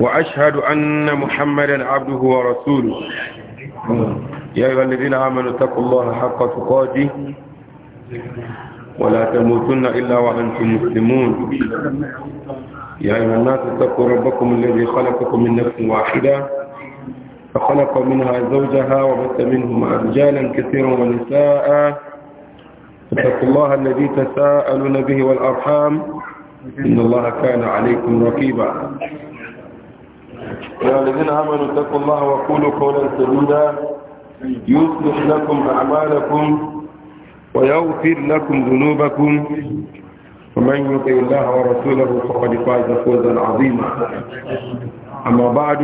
وأشهد أن محمدا عبده ورسوله يا أيها الذين آمنوا اتقوا الله حق تقاته ولا تموتن إلا وأنتم مسلمون يا أيها الناس اتقوا ربكم الذي خلقكم من نفس واحدة فخلق منها زوجها وبث منهما رجالا كثيرا ونساء اتقوا الله الذي تساءلون به والأرحام إن الله كان عليكم رقيبا يا الذين آمنوا اتقوا الله وقولوا قولا سديدا يصلح لكم أعمالكم ويغفر لكم ذنوبكم ومن يطع الله ورسوله فقد فاز فوزا عظيما أما بعد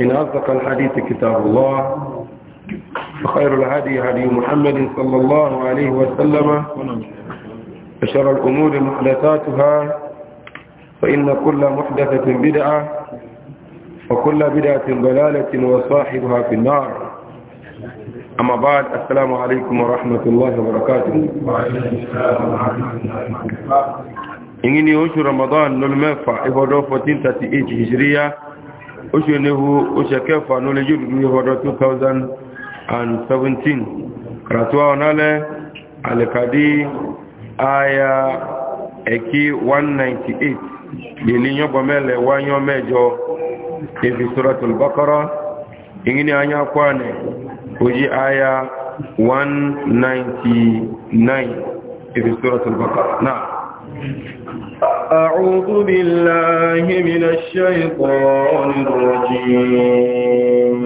إن أصدق الحديث كتاب الله وخير الهدي هدي محمد صلى الله عليه وسلم وشر الأمور محدثاتها فإن كل محدثة بدعة وكل بدعة ضلالة وصاحبها في النار أما بعد السلام عليكم ورحمة الله وبركاته إنني أشهر رمضان نلمفع إفضل 1438 هجرية أشهر أنه أشكفع نلجل إفضل 2017 راتوا ونالة على كدي آية أكي 198 للي يبقى ميلة وان يوم ميجو ibi suratul bakara ingini anya kwane oji aya 199 ibi suratul bakara na أعوذ بالله من الشيطان الرجيم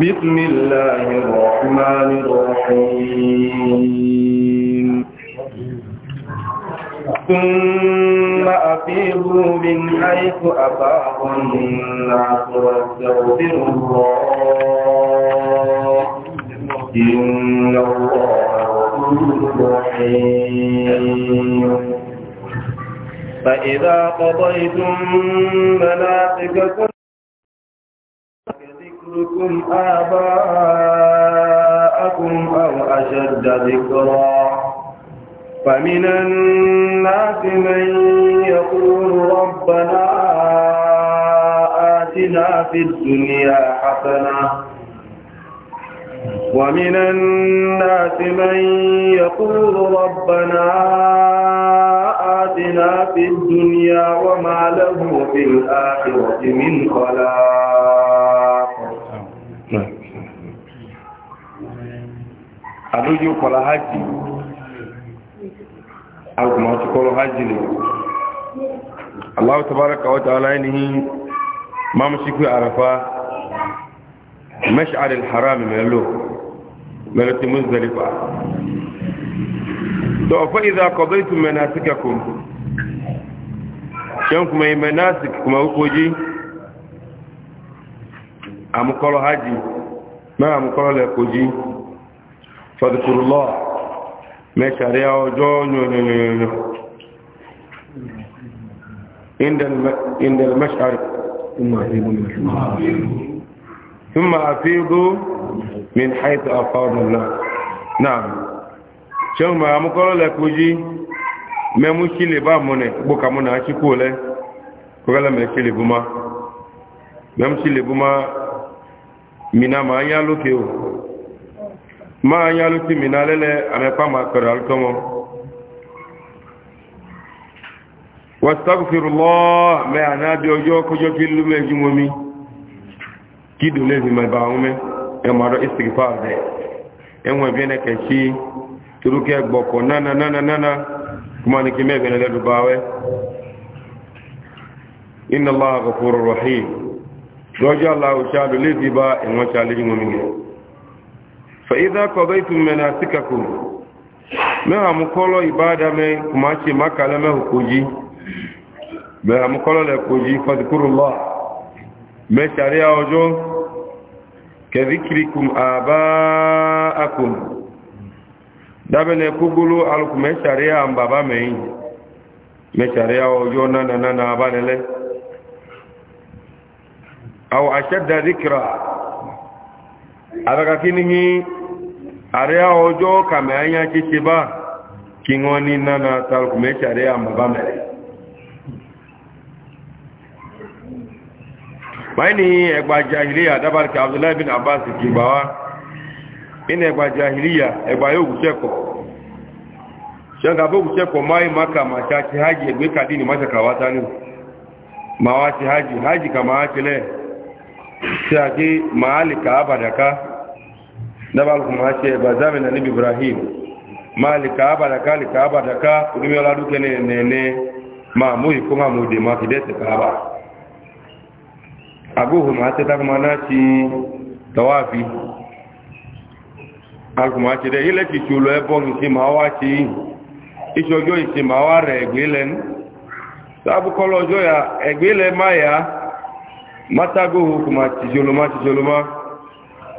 بسم الله الرحمن الرحيم ثم أفيضوا من حيث أفاض الناس واستغفروا الله إن الله رحيم فإذا قضيتم مناسككم ذكركم آباءكم أو أشد ذكرًا فمن الناس من يقول ربنا آتنا في الدنيا حسنة ومن الناس من يقول ربنا آتنا في الدنيا وما له في الآخرة من خلاق نعم. أدوجي فلاحاتي an kuma su kolo hajji ne allahu tabaraka wa ta'ala ainihin mamu shi kuwa arafa mash'ar al-haram melo melo ti muzdalifa to fa idza qadaytum manasikakum shan kuma yi manasik kuma ukoji amukolo haji ma amukolo lekoji fadhkurullah mẹ́kàríà ọjọ́ yóò indal mashar ثم أفيضوا من حيث أفاض الناس نعم ṣeun ma mú kọ́rọ̀ lẹ́kùnjí mẹ́mú sí lè bá mọ́nẹ̀ gbókà mọ́nà á sí lè bú má sí lè bú o máa yá ló ti mìíràn lẹ́lẹ́ àmẹ́pá máa pẹ̀rẹ̀ alùtọ́mọ́ wàtàkùfèrè lọ́ mẹ́ ànábí ọjọ́ kọjọ́ kí ló mẹ́jú mọ́ mi kí dùn lẹ́sìn mẹ́ bá wọn mẹ́ na àdọ́ ìsìnkú àdẹ́ ẹwọn na na na na gbọ̀kọ̀ nánà nánà nánà kó máa ní kí mẹ́bẹ̀ẹ́ lẹ́dù bá wẹ́ iná láàkọ̀ fòrò rọ̀hìn lọ́jọ́ aláwọ̀ fi فإذا قضيتم مناسككم ما مقولوا إبادة ما كماشي ما كلمه كوجي ما مقولوا لكوجي فاذكروا الله ما شريع وجو كذكركم آباءكم دابنا كوغلو علكم ما شريع أم بابا مين ما شريع وجو نانا نانا أبانا له أو أشد ذكرى أبقى كينه àríyá ọjọ́ kàmẹ́ ayá kíkẹ bá kí wọ́n ní nánà tàrùkùmẹ́kì àríyá mọ̀bá mẹ́rẹ̀ báyìí ni ẹgbà jahiliya dábàrìkà abdullahi bin abbas kì bá wá nínú ẹgbà jahiliya ẹgbà yóò gùsẹ́kọ̀ ṣẹ́gbà bó gùsẹ́kọ̀ máa yí maka màṣá ti hajj ẹgbẹ́ dabal kuma ce ba zamin na nabi ibrahim malika abada ka lika abada ka kudumi ola duke ne ne ne ma muyi kuma mu de ma fide ta kaba aguhu ma ta kuma na ci tawafi al kuma ce de ile ki chulo e bon ki ma wa ci isojo isi ma wa re egbelen sabu kolo jo ya egbele ma ya matagohu kuma ci joloma ci joloma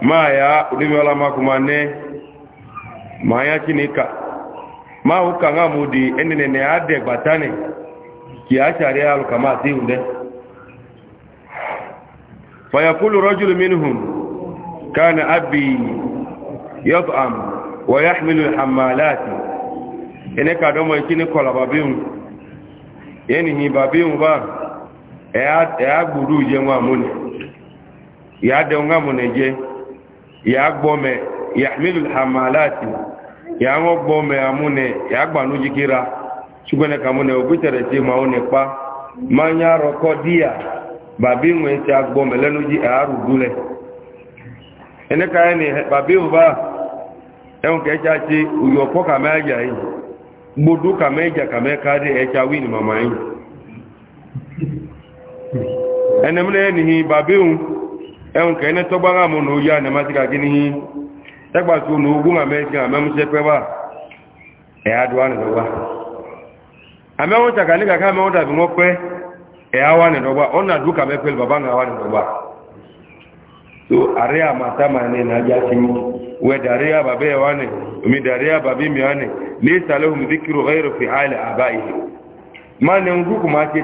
máa yá onímọ̀lá makoma ní máa yá kí ka ká máa ó kàn áàmù di ẹni nẹ̀nẹ̀ àádẹ́gbàtá nì kì á ṣàrí alùkàmá àti ìhùndẹ́ fàyàkúlù rọ́jùlù mínúhùn káàna ábì yọ́fàm wọ̀yá mílù hàmàláàtì ẹni kàdọ́mọ̀ ikí ní kọlà bàbíhùn yẹni hì bàbíhùn bá ẹ̀yà gbùdú jẹun àmúnì ìyá dẹun àmúnì jẹ́ ya gbome ya milul hamalati ya ngo gbome amune ya gbanu jikira chugene kamune ogutere ti ma one pa manya diya babi nwe ti agbome lenu ji aru dule ene ka ni babi ba eun ke ja ti uyo po ka meja yi gbodu ka meja ka me ka ri e ja win mama yi ene mle ni babi un ẹun kẹ́ẹ̀ẹ́ tọ́gbára mọ́ ní oyá ní mátí kàkí ní ẹgbàtí ònà ogún àmẹ́sìn àmẹ́múṣẹ́ pẹ́wà ẹ̀yàdùwà nìdọ́gbà àmẹ́wọ́n tàkà ní kàkà àmẹ́wọ́n dàbí wọ́n pẹ́ ẹ̀yàwà nìdọ́gbà ọ̀nà àdúkà mẹ́pẹ́ bàbá náà nìdọ́gbà so àrí àmàtàmà ní ìnájá ti mú wẹ́ dàrí àbàbẹ́ ẹ̀wà nì omi dàrí àbàbí mìíràn nì ní ìsàlẹ̀hùn díkìrò ẹ̀rọ fi àìlẹ̀ àbá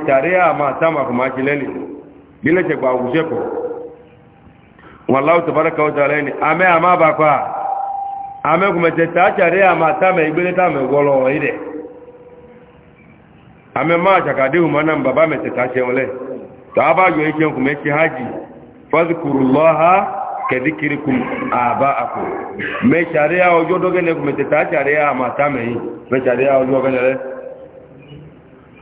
tàrí àmàtàmà kùmá ti lẹ́lẹ̀ bí òkúṣẹ́kọ̀ọ́ wallahu tabaraka wa ta'ala ni ame ama ba kwa ame kumete tachare ama tame igbele tame golo ide ame ma umana mbaba mete tache ole taba yo echen kumechi haji fadhkurullaha kadhikrikum aba'akum me sharia ojo doge ne kumete tachare ama me sharia ojo gele le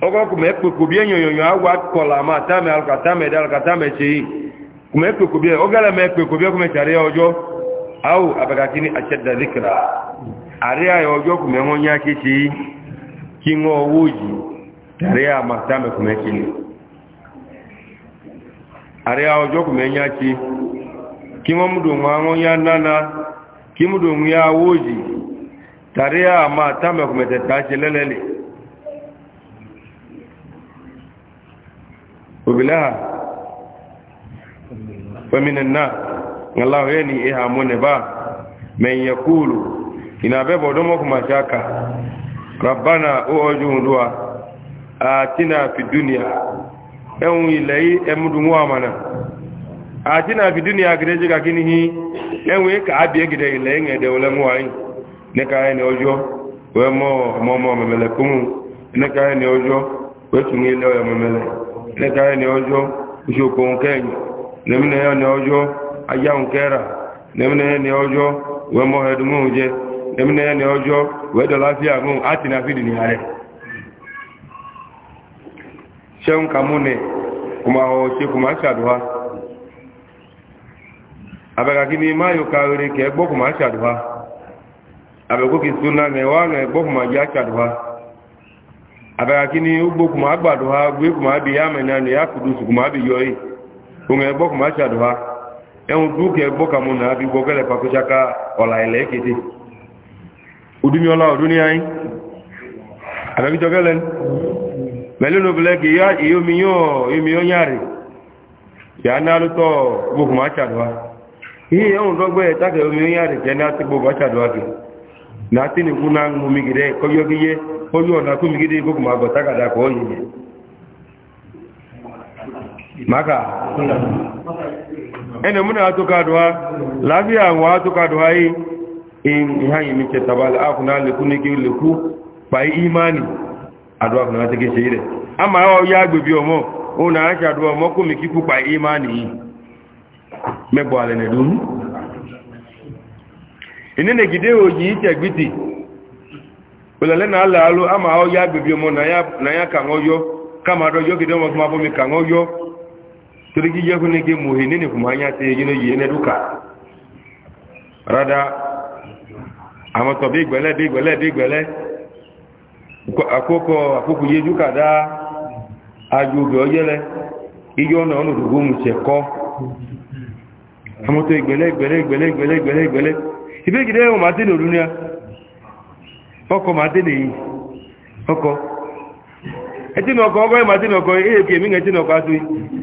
ogo kumepe kubienyo kola ama tame alkatame dalkatame chei kuma ya kwekwabi ya ogala ma ya kwekwabi ya kuma tare ya ojo au abagaki ni ashadda zikira are ya ojo kuma yan wani yake ce ki ngo wuji tare ya mata mai kuma yake ne are ya kuma yan yake ki ngo mudu ma ngo ya nana ki mudu ya wuji tare ya mata mai kuma ta ce lelele obilaha ومن الناس الله يني إيها منبا من يقول إن أبيب ودمك ما شاكا ربنا أعجون دوا آتنا في الدنيا ẹ̀hùn ilẹ̀ yìí ẹmúdùnmú àmànà àti náà fi dúnìyà gẹ̀dẹ̀ jẹ́ kàkí níhí ẹ̀hùn ẹ̀kà àbí ẹ̀gẹ̀dẹ̀ ilẹ̀ ẹ̀ngẹ̀dẹ̀ olẹ́mú wáyé nẹ́ka ẹni ọjọ́ wẹ́mọ́ ọmọ nemine ya ne ojo ayahun kera nemine ya ne ojo we mo hedumu je nemine ya ne ojo we do lafiya mu ati na fidi ni are seun kamune kuma o se kuma saduwa abega kini ma yo kawere ke gbo kuma saduwa abego ki sunna ne wa ne gbo kuma ja saduwa abega kini ugbo kuma agbaduwa gbe kuma bi ya mena ne ya kudusu kuma bi yoyi onwe egbo ka macha dụ ha enwegbe ụka egbo ka mụ na abi gwo gele pakụcha ka ọla ele ekete udumiola oduni anyị abịagide ogele mele n'obele ka ya ihe omiye onye arị ya na alụta gbo ka macha dụ ha ihe na-atị gbo macha dụ ha gị na atị na da ka maka ene muna atuka duwa lafiya wa atuka duwa yi in hanyi mike tabal akuna leku ne ki leku bai imani aduwa kuna take shi ire amma yawa ya gbebi omo o na ake aduwa omo ko mi kiku bai imani yi mebo ale ne dun ini ne ala alu ama ya gbebi omo na ya ka ngoyo kama bo mi sirigi yahu ne ge muhi ne ne kuma hanya ta yi gina yi duka rada a mato bi gbele bi gbele bi gbele akoko akoko ye duka da ajoge oyele iye ona ona dugu mu se ko amoto igbele igbele igbele igbele igbele igbele ibe gide o ma te loru ni a ọkọ ma te ne ọkọ ọgọ ẹ ma ẹ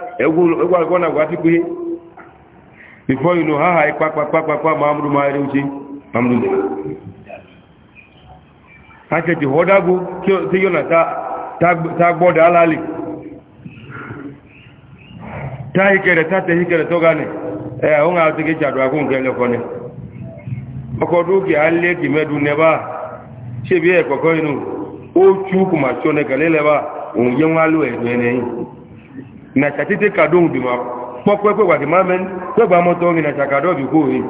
egwu agụgọ na agwa tupu ihe bifo inu ha ha ikpa kpakpa kpakpa maa amụrụ ma uche ma amụrụ ha chechi hụdagbo tiyo na tagbọda alali ta hikere ta te hikere to gane ee ahụ ha atụghị nke ha kuma na chatete kado bi ma kpọkwe kwe gwagi mamen kwe gwa mọta oge na chakado bi kwoyi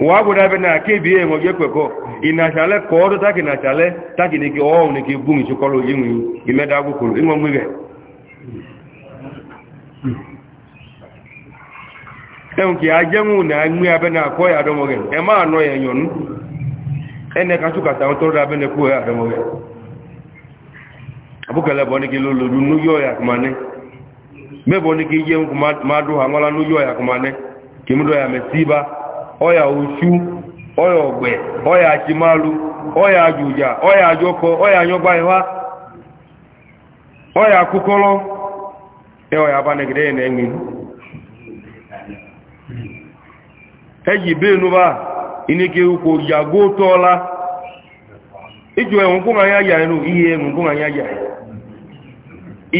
wa gwada be na ake biye enwe ge kwekọ ina chale ka ọdụ taki na taki na ke ọhụ na ke bu nchi kọrọ oyi nwe imeda agwụkwụrụ ịnwe nwere ẹ̀hùn kì á jẹ́mù ní àmì abẹ́nà àkọ́ ìyàdọ́mọ̀gẹ̀ abúkẹ̀lẹ̀bọ̀ ní kí ló lòlú ní yọ́ ìyàkùnmá mẹ́bọ̀ ní kí yẹ́ ń kò máa dó àwọn alánúyọ́ ọ̀yà kò máa nẹ́ kí mú osu mẹ́síbá ọ̀yà oṣù ọ̀yà ọ̀gbẹ̀ ọ̀yà àṣìmáàlú ọ̀yà àjòjà ọ̀yà àjọkọ ọ̀yà àyọgbá ẹ̀wá ọ̀yà kúkọ́lọ́ ẹ ọ̀yà abánẹgẹ̀dẹ́ yẹn ẹ̀mí ẹjì bẹ́ẹ̀nu bá iní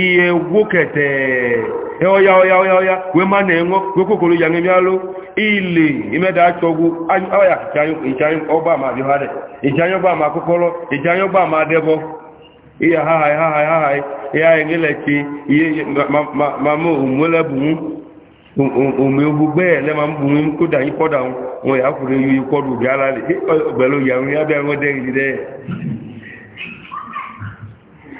iye gwoketee ọya ọya ọya ọya wee ma na-enwe wee kokoro ya nemialụ ile imeda achọgwu ọya ọgbamabịharị ịchanye ma akụkọrọ ịchanye ọgbama adebọ ihe ahahai ahahai ahahai ihe ahụ engelechi ihe mama omele bunwu um, um, um, ele ma mgbunwe m kụda anyị kpọdanwu nwe ya kwuru eyi kwọrụ ubi alali obele oyi ya ya bịa nwede ya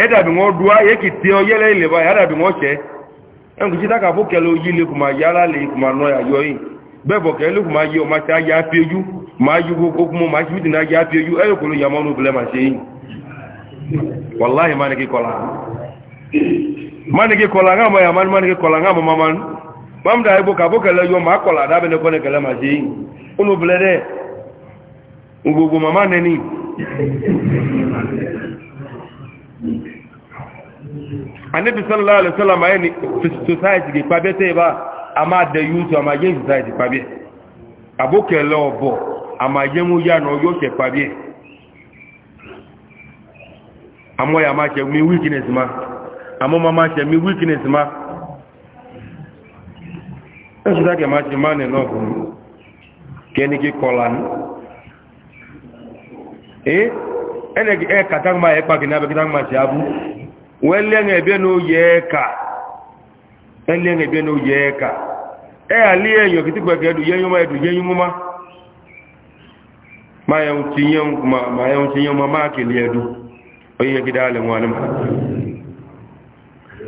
ẹ̀ẹ́dàbí wọn dúwá yẹ́kì tí ọ yẹ́lẹ́ ilẹ̀ báyìí ẹ̀ẹ́dàbí wọn ṣẹ́ ẹnkù sí dákà fún kẹlẹ̀ oyí lè ya máa yá lálẹ́ nọ àyọ́ yìí bẹ́ẹ̀bọ̀ kẹlẹ̀ kò máa ma a yá fi ojú gbogbo mọ́ máa ṣíbìtì náà yá fi ojú ẹ̀yọ́ kò ló yà mọ́nú bẹ̀lẹ̀ máa ṣe yìí wàláhì mánìkì kọlá mánìkì a ń ma ṣe anabi sallallahu alaihi wasallam ayi ni society ke pabe te ba ama de yusu ama ye society pabe aboke lo bo ama ye mu ya no yo se pabe amo ya ma se mi weakness ma amo mama se mi weakness ma eso da ke ma se ma ne no ko keni ki kolan eh e ẹka tágbà ẹpa kì ní abẹ́kí tágbà ṣe abú wọ́n lẹ́yìn ẹ̀bẹ́ ní oyè ẹka ẹlẹ́yìn ẹ̀bẹ́ ní oyè ẹka ẹ àlẹ́ ẹ̀yàn kì í tìgbà kẹ́ẹ̀dù yẹ́yún máa ẹ̀dù ya mọ́ máa ẹ̀hún ti yẹ́hún máa máa kèlè ẹ̀dù oyè kì dáa lẹ́wọ̀n alẹ́ máa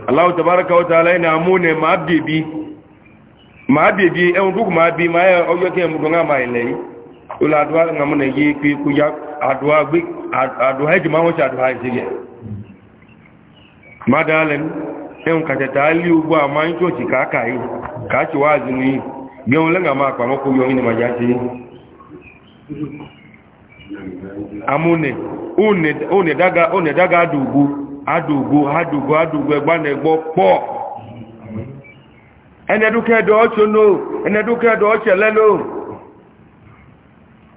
aláwọ̀ tàbárakà ọ̀tà aláìní àmúnẹ̀ máa bèbí ẹ̀hún kúkú máa bí máa ọjọ́ kẹ́ ula aduwa nga muna yi kwi kuya aduwa gbi aduwa haji ma wace aduwa haji ge madalen a ma yi coci ka aka yi ka nga ma akpa mako yoyi ne daga daga adugu adugu adugu adugu egba na egbo po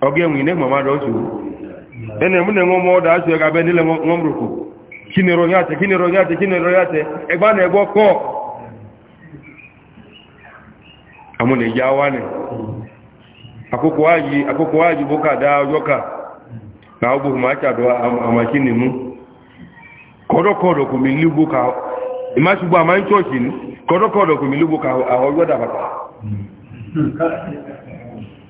ọgẹ́wùn iné mọ̀má rọ́ọ̀tù ẹni mú ní wọ́n mọ́ ọ́dá aṣọ ẹgbẹ́ nílẹ̀ wọ́n mọ́rùkù kíni kọ̀dọ̀kọ̀dọ̀ kò mi lúgbò ká ìmáṣùgbò àmáyíkọ̀ọ̀ṣì ní kọ̀dọ̀kọ̀dọ̀ kò mi lúgbò ká àwọn ọjọ́dà pàtàkì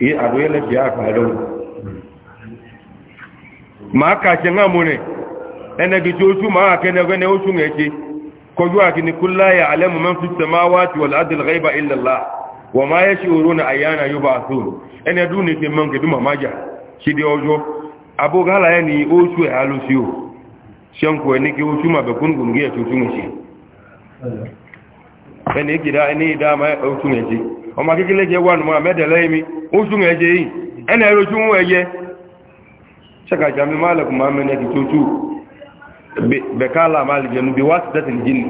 e ado yele biya ka do ma ka che nga mune ene gi joju ma ke ne ne oju ngeji ko ju akini kullu ya'lamu man fis samawati wal ardi al ghaiba illa allah wa ma yashuruna ayana yub'athun ene du ni ke man ke du mamaja shi di ojo abo ma be kun gun ọmọ kékeré jẹ wà nùmọ́ àmẹ́dẹ̀lẹ́ yìí mi ó sún ẹjẹ yìí ẹnà ẹ̀rọ ojú wọn ẹyẹ ṣẹ́kàjà mi máa lẹ́kùn máa mẹ́rin ẹ̀kì tó tú bẹ̀kálà máa lè jẹnu bí wá sí tẹ́tì jíni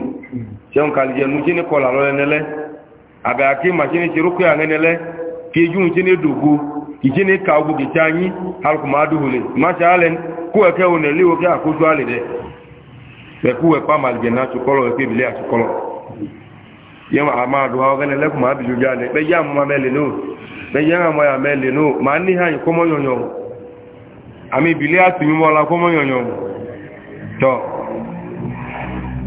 ṣẹ́hùn kà lè jẹnu jíni kọlà lọ́lẹ́ nẹ́lẹ́ àbẹ̀ àti ṣe kí ejú dògo ka ogbò kìtì anyi alùpùpù máa dùn lè má ṣe alẹ́ kó ẹ̀kẹ́ òun ẹ̀ léwo kí àkójọ alẹ́ dẹ̀ bẹ̀kú yẹn a máa dùn àwọn ọgẹ́ni lẹ́kùn máa bìjú jáde bẹ́ẹ̀ yá àmúmá mẹ́lẹ̀ náà bẹ́ẹ̀ yá àmúmá yà mẹ́lẹ̀ náà máa ní hàn kọ́mọ́ yọ̀nyọ̀n àmì ìbílẹ̀ àti mímọ́ ọlá kọ́mọ́ yọ̀nyọ̀n tọ́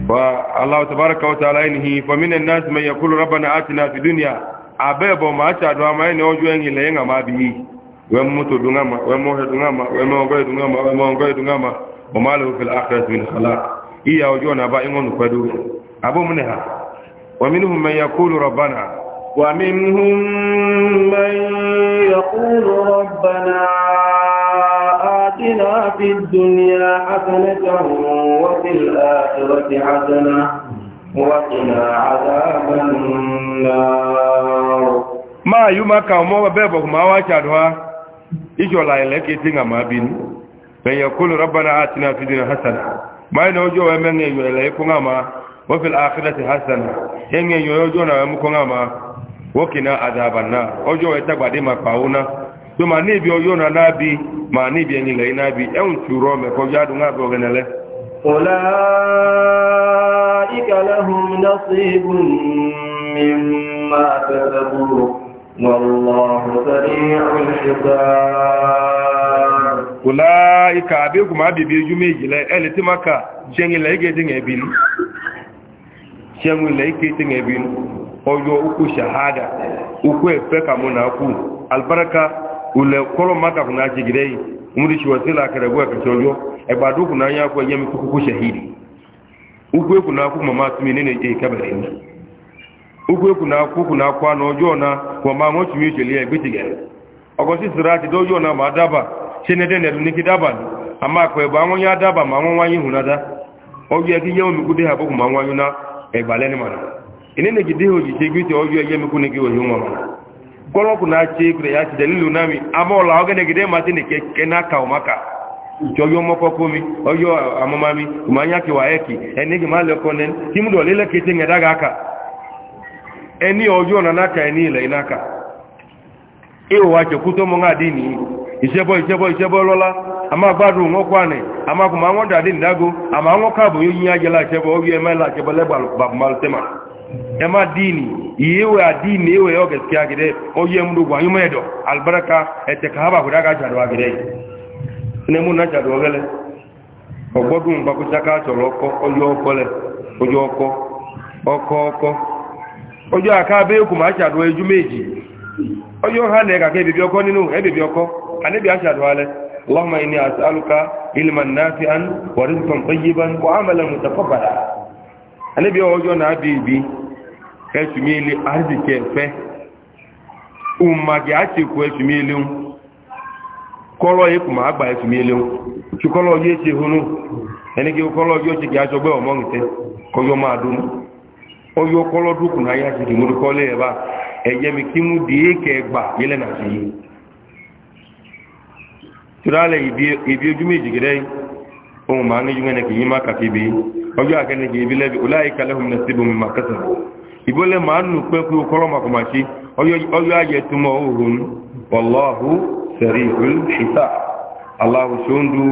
wa aláwọ̀ tabaraka wa ta'ala yìí nìyí fọmínà náà sì mẹ́yẹ kúrò rábànà àti náà fi dúnìyà àbẹ́ẹ̀bọ̀ máa ti àdùn àmà ẹni ọjọ́ ẹ̀yìn lẹ́yìn àmà bí yìí wẹ́n mọ́tò dùnàmà wẹ́n mọ́hẹ́ dùnàmà wẹ́n mọ́gọ́ẹ̀ dùnàmà wẹ́n mọ́gọ́ẹ̀ dùnàmà ọmọ alẹ́ òfin àkẹ́sìn ìyá ọjọ́ ọ̀nà bá ìwọ̀n nù pẹ́dú abómìnira ومنهم من يقول ربنا ومنهم من يقول ربنا آتنا في الدنيا حسنة وفي الآخرة حسنة وقنا عذاب النار ما يما كاومو بيبو ما واكادوا ijo la eleke tinga mabin ben yakulu rabbana atina fid dunya hasana ma ina ojo wa men yo وفي الآخرة حسنة ينجي يوجونا ومكونا ما وكنا عذابنا أجو يتقبع ما قاونا ثم نبي يوجونا نبي ما نبي ينجي نبي يوم شروم يقوجاد نبي وغنالي أولئك لهم نصيب مما كسبوا والله سريع الحساب أولئك أبيكم أبي بيجو ميجي لألي تمكا شنجي لأيجي دين أبيني chenwe le ike ite ngebi oyo ukwu shahada ukwu efe ka mụ na akwu albaraka ule kọrọ maka kuna na chigide yi shi wasila akara gwa kacha oyo egbado na ya akwu enye m kukuku shahidi ukwu ekwu na akwu mama atụmi ne na-eje ikebere ime ukwu ekwu na akwu kwụ na akwa na ọjọọ na kwa ọjọọ na ma adaba chenede na-edu n'ike daba anwụ ya adaba ma ike ihe dị ha bụkwụ ma na ẹgbàlẹ́ni mọ̀nà ìnínà gidi òjì ṣe gbé tí ọjọ́ ẹyẹ mi kún ní kí òyìn wọn mọ̀nà kọ́lọ́kù náà ṣe kúrẹ̀ yá ti dẹ̀ lílù náà mi amọ́ọ̀lá ọgẹ́nẹ̀ gidi máa ti nìkẹ́ kẹ́náka ọmọka ìjọyọ́ mọ́kọ́kọ́ mi ọjọ́ àmọ́má mi ìmọ̀nyákiwà ẹ̀kì ẹni kì máa lẹ́kọ́ nẹ́ni tí mú dọ̀lẹ́lẹ́ ama gbádùn wọn kwani ama kuma wọn dàdí ìdágo ama wọn káàbọ̀ yóò yín ajẹ́lá àṣẹbọ̀ ọgbẹ́ ẹ̀mẹ́ làṣẹbọ̀ lẹ́gbàlùmọ́lùtẹ́mà ẹ̀má díìnì ìyẹ́wẹ̀ àdíìnì ẹ̀wẹ̀ ọ̀gẹ̀ sí agidẹ́ ọyẹ́ múdùgbò ayúmọ̀ ẹ̀dọ̀ albaraka ẹ̀tẹ̀ kàábà kò dáka jàdọ̀ agidẹ́ ní mú náà jàdọ̀ ọ̀gẹ́lẹ́ ọgbọ́dún gbakúṣaká sọ̀rọ̀ ọkọ́ ọjọ́ ọkọ́ lẹ̀ ojú ọkọ́ ọkọ́ ọkọ́ ọjọ́ اللهم إني أسألك علما نافعا ورزقا طيبا وعملا متقبلا النبي وجونا حبيبي كشميلي ku etumile kolo ye kuma agba etumile ti kolo ye che hunu eni ki kolo ye che ki ma aya ti mu e ba eye mi ki gba turale ibi ojú méjì gẹ́rẹ́ ohun ma ní jùmọ́ ẹnẹ́kì yí má kàkí bí ọjọ́ akẹ́nìkì ibi lẹ́bi oláyé kalẹ́hùn ní síbò mi máa kẹsàn ìbólẹ̀ ma nù pé kú kọ́lọ́mọkọmọ̀ṣí ọjọ́ ayẹ túnmọ̀ ohun wọlọ́hu sẹ̀rí ìlú ṣìṣà aláhùsọ́ndù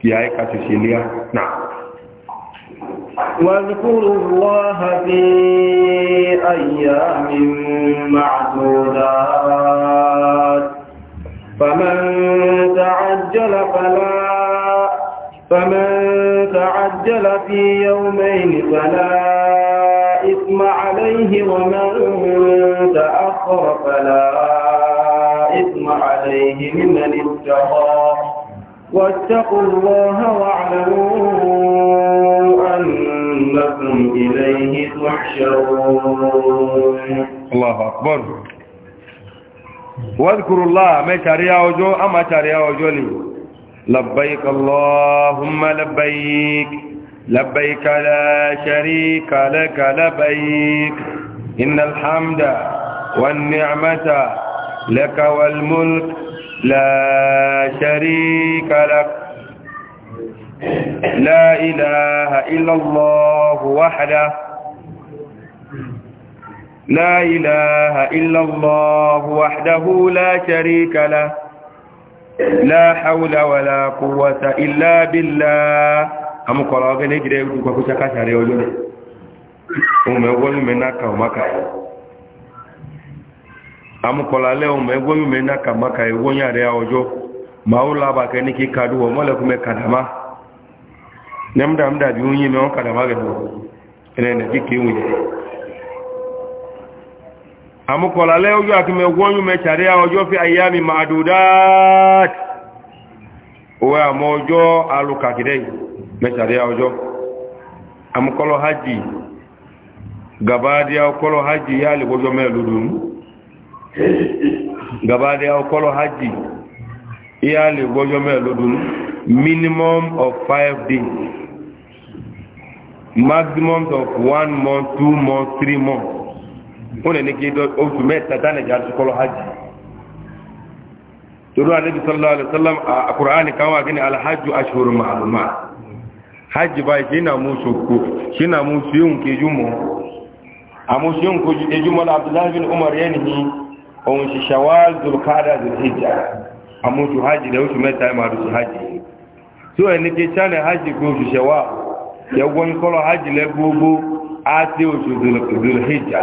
kì á ẹ̀ka ṣe ṣẹlẹ́yà náà. واذكروا الله في أيام معدودات فمن تعجل فلا فمن تعجل في يومين فلا إثم عليه ومن تأخر فلا إثم عليه ممن اتقى واتقوا الله واعلموا أنكم إليه تحشرون الله أكبر واذكروا الله ما تاريا وجو أما تاريا وجو لي لبيك اللهم لبيك لبيك لا شريك لك لبيك إن الحمد والنعمة لك والملك لا شريك لك لا إله إلا الله وحده لا إله إلا الله وحده لا شريك له لا حول ولا قوة إلا بالله أم قرأ غني جري شكا شاري وجور أم أقول من ومكا أم قرأ أم أقول من نكا يقول يا ريا وجو ما هو لا بك كادو وما لكم كلامه نمدا نمدا بيوني ما هو غيره إنه نكى كيوني àmúkọ̀lálẹ́ ojú àti mẹ́wọ́nyún mẹ́tàrí ọjọ́ fi àyàmì máa dòdáàtì owó àmọ́ ọjọ́ alùkàkìdẹ́ mẹ́tàrí ọjọ́ àmúkọ́lọ́ hajji gabadẹ́ ọkọ́lọ́ hajji yá lèkọjọ́ mẹ́lúdùn gabadẹ́ ọkọ́lọ́ hajji yá lèkọjọ́ mẹ́lúdùn minimum of five days maximum of one month two months three months wọn ni kí oṣù mẹ́ta tánà jà sí kọlọ hajj torí alẹ́bí sallallahu alaihi wasallam a kùránì káwà gini alhajju ashhur ma'luma hajj bá ṣe na mú ṣokò ṣe na mú ṣe ń kejú mọ́ àmú ṣe ń kejú mọ́ abdullahi bin umar yẹni ni ohun ṣe shawal zulkada zulhijja àmú ṣu hajj da oṣù mẹ́ta ma ṣu hajj tí wọn ni kí ṣánà hajj kí oṣù shawal yẹ wọn kọlọ hajj lẹ gbogbo á ti oṣù zulhijja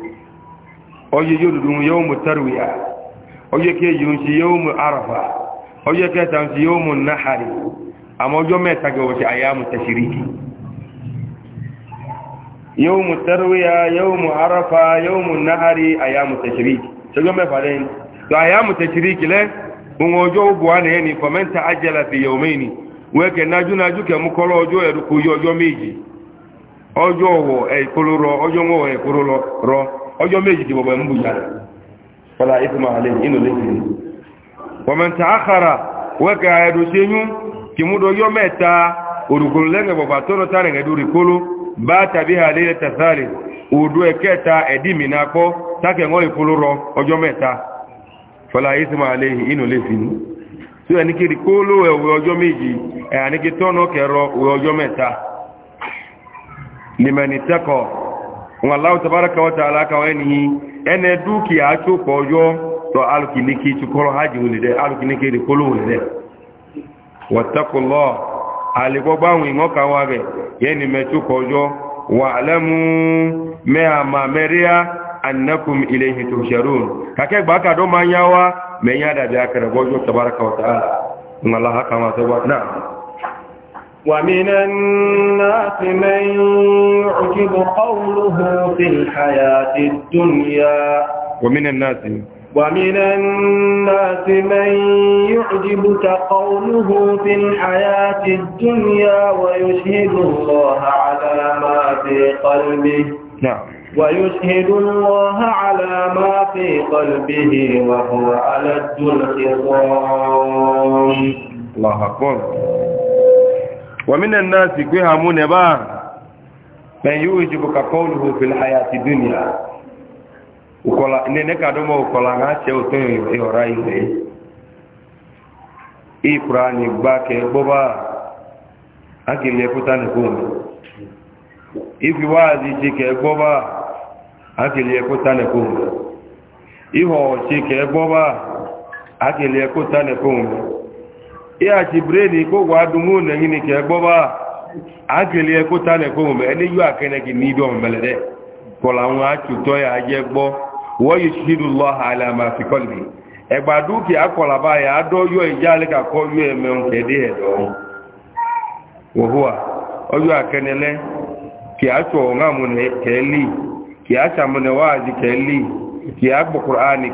oye yorùdùn yóò mú tarwiya oye kéjìun sí yóò mú arafa oye kẹtàn sí yóò mú náhari àmọ́ ọjọ́ mẹ́ta gẹ̀wọ̀ sí àyàmù tashiriki yóò mú tarwiya yóò mú arafa yóò mú náhari àyàmù tashiriki ṣọjọ́ mẹ́fà lẹ́yìn tó àyàmù tashiriki lẹ́ ohun ọjọ́ ogun wa nìyẹn ni fọmẹ́ntà ajẹ́lá fi yọ̀ọ́mẹ́ni wẹ́kẹ̀ nájúnájú kẹmú kọ́lọ́ ọjọ́ ẹ̀rùkú yọ ọjọ́ méjì ọjọ́ ọ̀wọ̀ ẹ̀kóró rọ ọjọ́ ọ̀wọ̀ ọjọ́ méjì ti bọ̀bọ̀ mú yàrá fọ́lá ìfìmọ̀ alẹ́ inú lẹ́kìrì wọ̀mẹ̀ntà àkàrà wẹ́kẹ̀ àyẹ̀dọ̀ ṣe yún kí mú dọ́jọ́ mẹ́ta òdùkùn lẹ́gbẹ̀ bọ̀bà tọ́nà tààrà ẹ̀dù rìkóló bá tàbí alẹ́ tàṣàlẹ̀ òdù ẹ̀kẹta ẹ̀dì mìnàkọ́ tákẹ̀wọ́n ìfolo rọ ọjọ́ mẹ́ta fọ́lá ìfìmọ̀ alẹ́ inú lẹ́kìrì tí ẹni kí rìkóló ẹ̀wẹ̀ ọjọ́ méjì wọn aláwọ̀ tabaraka wata alákawọ́ ẹni ẹni dúkìá tó pọ̀ ọjọ́ tó alùkìníkì tukọ́rọ̀ hajji olùdẹ́ alùkìníkì ìrìkólò olùdẹ́ wàtàkùlọ́ alìgbọ́gbáhùn ìmọ́kàwà rẹ̀ yẹni mẹ́tò pọ̀ ọjọ́ wà alẹ́mú mẹ́àmà mẹ́ríà annakum ilé ìhìtò ṣẹ̀rún kàkẹ́ gbákàdọ́ máa ń yá wa mẹ́yìn ومن الناس من يعجب قوله في الحياة الدنيا ومن الناس ومن الناس من يعجبك قوله في الحياة الدنيا ويشهد الله على ما في قلبه نعم ويشهد الله على ما في قلبه وهو على الدنيا الله أكبر ومن الناس كهمون با من يوجبك قوله في الحياة الدنيا ukola nene kadoma ukola ngache utoyo yorai ne i qurani bake boba akile kutane kumbe ifi wazi chike boba akile kutane kumbe iho chike boba akile kutane kumbe ya ci breni ko gwa dungu na ngini ke gboba akele e ko ta ne ko me ni yu akene ki ni do mele de ko la won a chu ya je gbo wa yushidu allah ala ma fi qalbi e gba du ki akola ba e e e le ki a cho nga mu a cha mu ne wa ji ke li ki a gbo qur'ani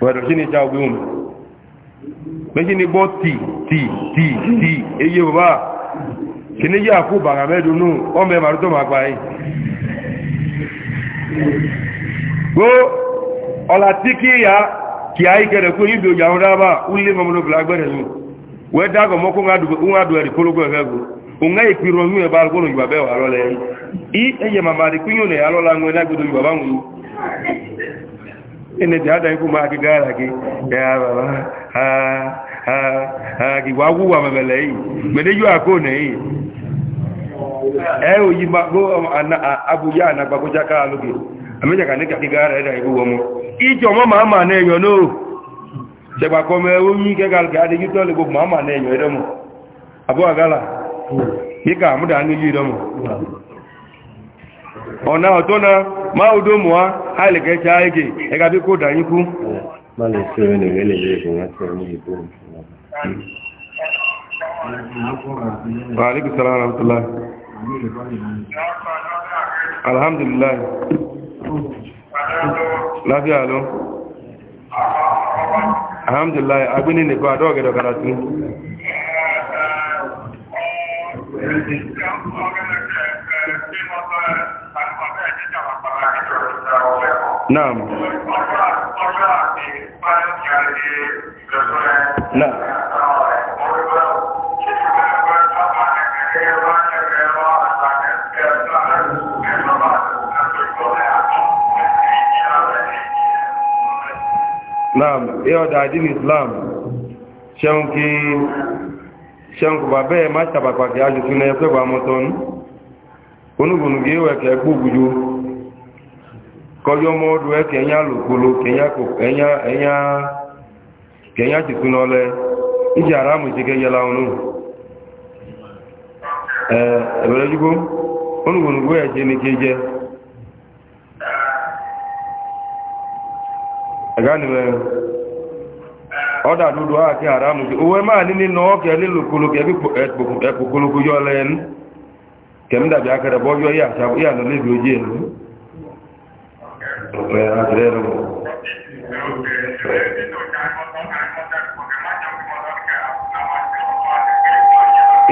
wẹ̀rọ sí ni ìjà ogun òun méjì ni gbọ́ ti ti ti tì eye bàbá kì ní yí àkó bàrà mẹ́dùnú ọmọ ẹ̀bà tó máa gbà yìí gbó ọ̀là tí kí ya kì á ìkẹrẹ kó yíbi òjà ọ̀rọ̀ dábà ulé mọ́mọ́lò bìlá gbẹ̀rẹ̀ nù wẹ́ dágọ̀ mọ́kó ń adù ẹ̀rì kólógó ẹ̀fẹ́ gbó òun ene ji ada ikwu ma ara gị agịgwa ha mebele ha mere yu akụ na iyi ee oyi a na-agbagoja aka alụ gị amịja ka nịka agịga ara ịda m ma ama na-enyo n'o chegbakọ mee onye ike gara ga adịghị tọọlụ igbo ma na m anụ ọ̀nà ọ̀tọ́nà máa odó mọ́ á hálẹ̀kẹ́ ṣe ààyè ẹgbà bí kò dáyín kú alhamdulillah láfíà lọ alhamdulillah agbíní nìkan àdọ́gẹ̀dọ̀ kàràtún Thank you. Naam. Naam. Naam, yóò da Islam, ṣeun kí ṣeun kò bàbẹ́ máa ṣàbàpàkì ajùsùn ẹ̀kọ́ ìbámọ́tọ́nù. onugunu gị ewe ka ekpogbuju kọjọ mọdụ eke enya lokolo ka enya e e chitu iji ara amụchike yela ọnụ ee eberejugo onugunu gị eje n'ike je agani mẹ ọdà dúdú àti ara amụchike owó ẹ máa nínú ọkẹ lílòkolo kẹ ẹkpòkolo kojọ ọlẹ ẹnu kẹm dàbí akẹrẹ bọ́jọ́ yà lọ lébi ojú ẹ̀ lọ ọ̀pẹ́ àtẹ́rẹ́ lọ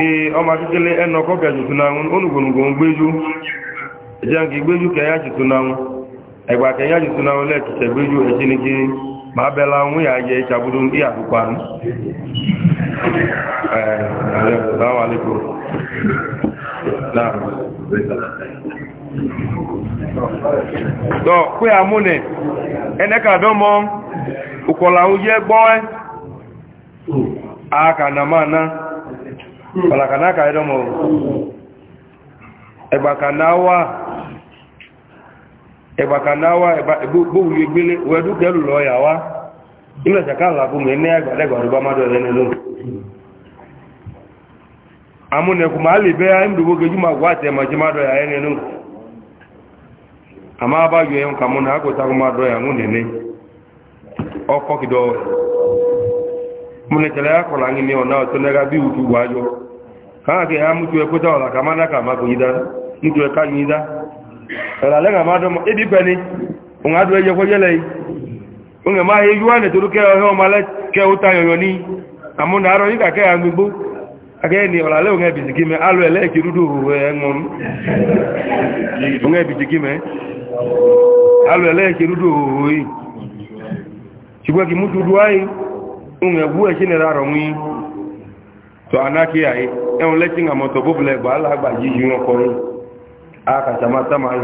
ee ọmọ akẹ́kẹ́lẹ́ ẹnà ọkọ̀kẹ́ jùtù náà olùgbònùgbò ń gbéjú ìjẹ́nkì gbéjú kẹyà jùtù náà ẹgbà kẹyà jùtù náà lẹ́ẹ̀kìtẹ̀ gbéjú ẹ̀ṣínigí máa bẹ́la ń wíyà yẹ ìṣàbúdó ní àdúgbà ní ẹ̀ẹ́ tọ́ pé a ẹnẹ́kàdọ́mọ́ òkọ̀lá oúnjẹ gbọ́ ẹ́ àkànàmáná pàlàkànáà kàídọ́mọ́ ẹgbàkànáwà ẹgbàkànáwà gbóhùn ìgbélé wẹ́dúkẹ́lù ya yàwá ilẹ̀ ṣàkàlà fún mi ní ẹgbàdẹ́gbàdúgbà mádọ̀ ẹ̀lẹ́ni lóòrùn amune kuma alibe ya imdu boge juma gwate majima do ya ene nu ama ba yo en kamuna ko ta kuma do ya ngune ne oko kido mune tele ya ko langi ni ona to nega bi utu gwajo ka kama na kama ko yida lenga ma do e unga do ye ko yele unga ma he uta yo ni amuna ro ni agẹ́ni ọ̀làlẹ́ òun ẹ̀bì jìkí mẹ́ alọ́ ẹ̀lẹ́ẹ̀kì dúdú ẹ̀mọ́n òun ẹ̀bì jìkí mẹ́ alọ́ ẹ̀lẹ́ẹ̀kì dúdú òòyì ṣùgbọ́n kì mú dúdú ayé òun ẹ̀wú ẹ̀ṣẹ́ nìra rọ̀ wí tọ́ anákí ayé ẹ̀wọ̀n lẹ́tí àmọ́tọ̀ bóbulẹ̀ gbà alágbà yíyí wọn kọrin akàtàmátà máa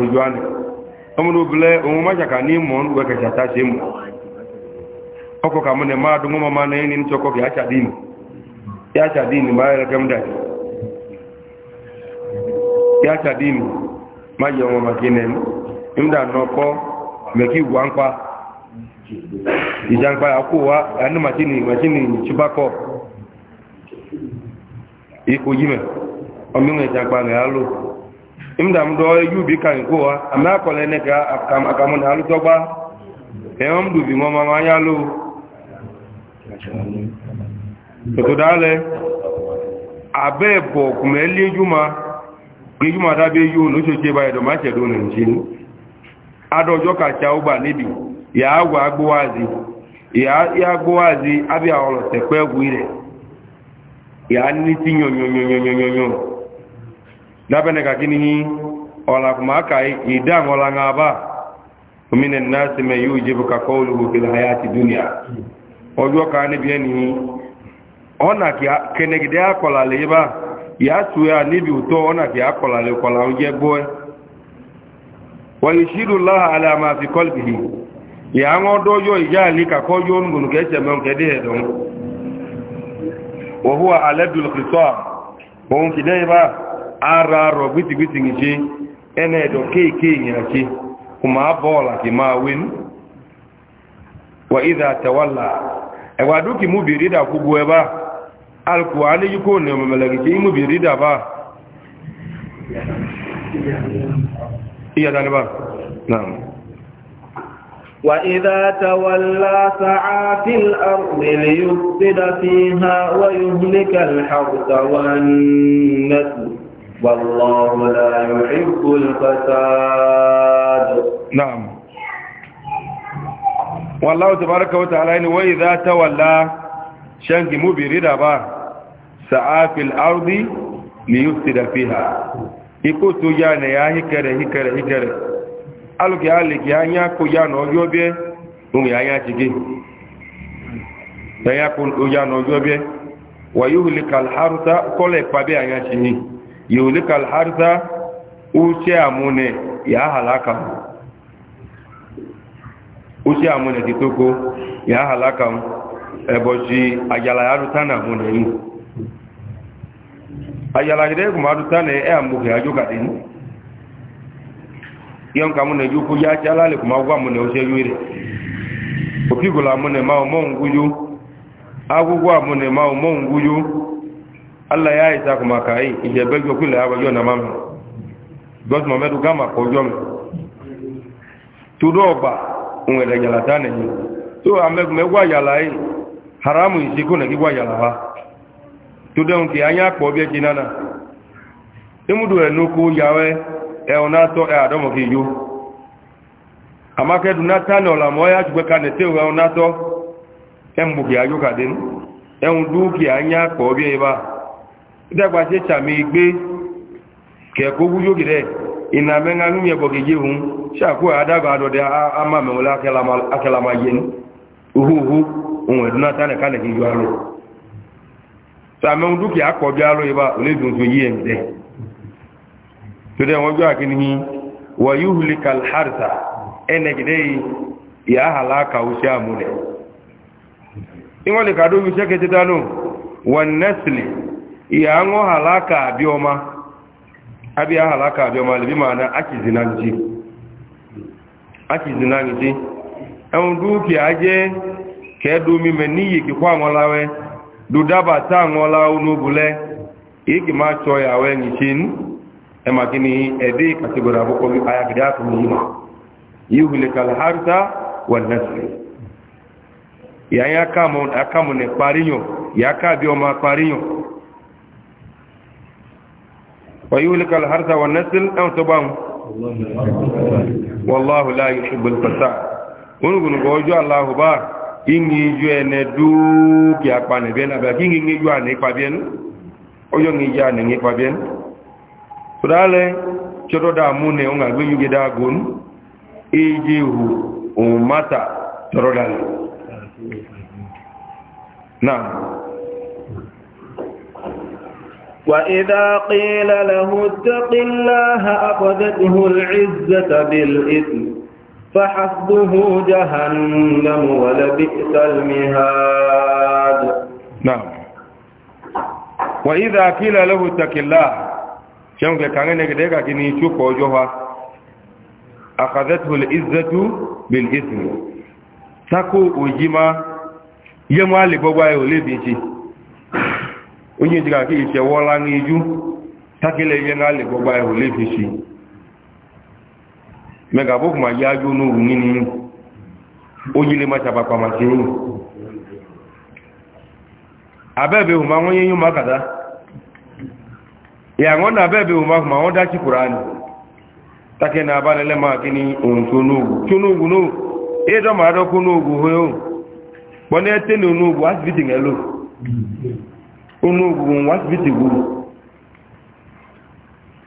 ọkọ̀ kàmúnẹ̀ máa dún mọ́ máa náà ní ní tọkọ̀ kì á ya ta dini ma ya gamda ya ta dini ma yi ọmọ makina ni inda nọkọ meki gwa nkwa ìjà nkpa ya kó wa ẹni makini makini chibakọ ikú yí mẹ ọmọ ìwọ̀n ìjà nkpa na ya lò inda mdọ eyu bi ka nkó wa àmì akọlẹ ní ka akamọ na alùtọgba ẹ̀wọ̀n mdùbí wọn ma ma ya lò tòtòdálẹ̀ abẹ́ ẹ̀bọ̀ kùnmẹ́ léjúmá léjúmá dábé yóò ló ṣe jẹ́ báyẹ̀dọ̀ má ṣẹ̀dọ̀ nìjíní adọ́jọ́ kàṣà ó bà níbi ìyáàgbà agbówázi ìyáàgbówázi ábíà ọ̀rọ̀ tẹ̀pẹ́ ẹ̀wù rẹ̀ ìyá ní tí yọ̀nyọ̀nyọ̀nyọ̀nyọ̀ dábẹ́nẹ̀ ona kia kenegide akola leba ya tuya nibi uto ona kia akola le kola uje boy wa yushiru allah ala ma fi qalbihi ya ngo dojo ija ni ka ko yo ngun ke se mon ke de don wa huwa aladul khisam won ki de ba ara ro biti biti ngi ene do ke ke ni na ki kuma bola ki ma win wa idha tawalla e wa duki mubirida kubu e ba alkuwani yi ko ne mamalagike imu bi rida ba iya dani ba na'am wa idha tawalla sa'a fil ardi liyufsida fiha wa yuhlika al-harsa wan nasl wallahu la yuhibbu al-fasad na'am wallahu tabaaraka wa ta'ala wa idha tawalla shangi mubirida ba sa'afil ardi li yufsida fiha iko to ya na ya hikere hikere hikere aluki aliki anya ko ya na ojo bie un ya anya jige ya ko o ya no ojo bie wa yuhlika al hartha kole pabe anya chini yuhlika al hartha uche amune ya halaka uche amune kitoko ya halaka eboji ajala ya rutana amune yìí ayalagide kumadu tane e ambuke ajuka dinu yon kamune juku ya chalale kumagwa mune osheyuire opigula mune mao monguju agugwa mune mao monguju alla ya isa kumakai ijebejo kule aba yo na mama dos mamedu gama kojome tudoba ungele jalatane ni to amegumegwa yalai haramu isiku na kigwa yalawa tó dẹ́hùn kí anya pọ̀ bí ẹkì nánà imúdù ẹ̀ lókó yàwẹ́ ẹ̀hùn náà tọ́ ẹ̀ àdọ́mọ̀ kí àmákẹ́dù náà tánà ọ̀làmọ́ ẹ̀ ka nẹ̀ tẹ́wọ̀ ẹ̀hùn náà tọ́ ẹ̀mù kí anya pọ̀ bí ẹ̀ bá dẹ́gba ṣe sàmì gbé kẹ̀kọ́ wúyó sàmẹ́hun dúkìá kọjú alóyè bá olédùnsọ yí ẹ̀mdẹ́ tó dẹ̀ wọ́n jọ àkíní wà yíò lè kàlhárìsà ẹnẹ̀gidẹ́ ìyá àhàlákà oṣẹ́ àmúlẹ̀ ìwọ́n lè kàdó oṣẹ́ kẹtẹ́ dánú wà nẹ́sìlì ìyá ń wọ́n àhàlákà àbíọmá àbí àhàlákà àbíọmá lè bí máa ná ákìzìnàmìtì ẹ̀hun dúkìá jẹ́ kẹ́ẹ̀dómi mẹ́ níyì kíkọ́ àwọn láwẹ́ dudaba ta ṅụọla onubule ike ma chọọ ya wee nyichin ema gini ede kategori abụkọ gị aya gịdị akụ n'ime ihule kalharta wanasri ya ya akamu ne kparinyo ya aka bi ingi ju ene du ki apa ne bien aba kingi ngi ju ane pa bien oyo ngi ja ne ngi pa bien sudale chodo da mune onga gbe ngi da gun iji hu o mata chodo da na وإذا قيل له اتق الله أخذته العزة بالإثم فحسبه جهنم ولبئس المهاد نعم وإذا قيل له اتق الله شنك كان يقدر كني شوف وجهها أخذته العزة بالإثم تكو وجما يما لبوا يولبيشي onye jira ki ise wola ni ju takile yena le gbogba e o mega bo kuma ya jo no ngi ni o jile ma chaba kwa machini abebe uma wonye nyuma kada ya ngona abebe uma kuma onda chi qur'ani take na abalele ma kini ontunugu tunugu no edo ma do kunugu hoyo bone tenu nugu asbiting elo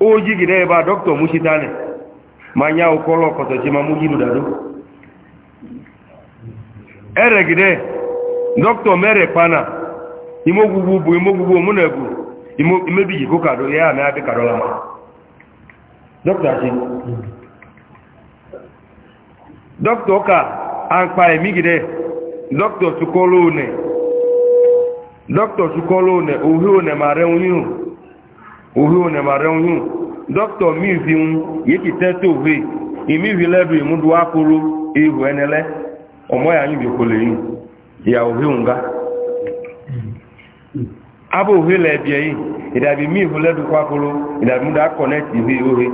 o jigide ebe a dọkịta omuchitane ma nya ụkọlọ ọkọtọchi ma mụginu dado eregide dọkịta mere kpana imogwugwu bụ imogwugwu mụ na ebu imebiji kụkado ya ama adị kadola ma dọkịta chi dọkịta ụka akpa emigide dọkịta chukọlọ one dọkịta chukọlọ one ma òhun ò nẹ̀bàrẹ̀ oyún dókítà mi ohe. ń yékì tẹ́tò òwe ìmí fi lẹ́dù ìmúdu akoro ihò ya ọmọ yà ń ya ohe yìn ìyàwó fi ń ga abó òwe lẹ́ẹ̀bì ẹ̀yìn ìdàbí mi fi lẹ́dù kwakoro ìdàbí múdu akọ̀nẹ́tì ìwé òwe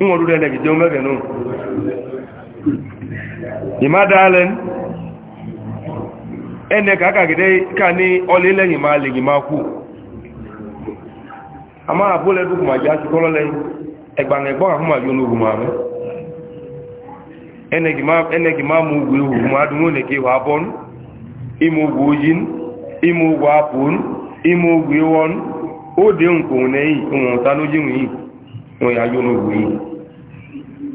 ŋun ɖu ɖe negi dzem mege nu yima da lɛ ene kaka gede kani ɔlɛ lɛ yima le yima ku ama abo lɛ dukuma dza tukɔlɔ lɛ egbaŋɛ gbɔ ahoma dzo no guma mɛ ene gima ene gima mu wu ewu guma do ŋun neke wa bɔ nu imu wu oyin imu wu apon imu wu ewɔnu o de nko ne yi ŋun ta no dzi ŋun yi ŋun ya dzo no yi.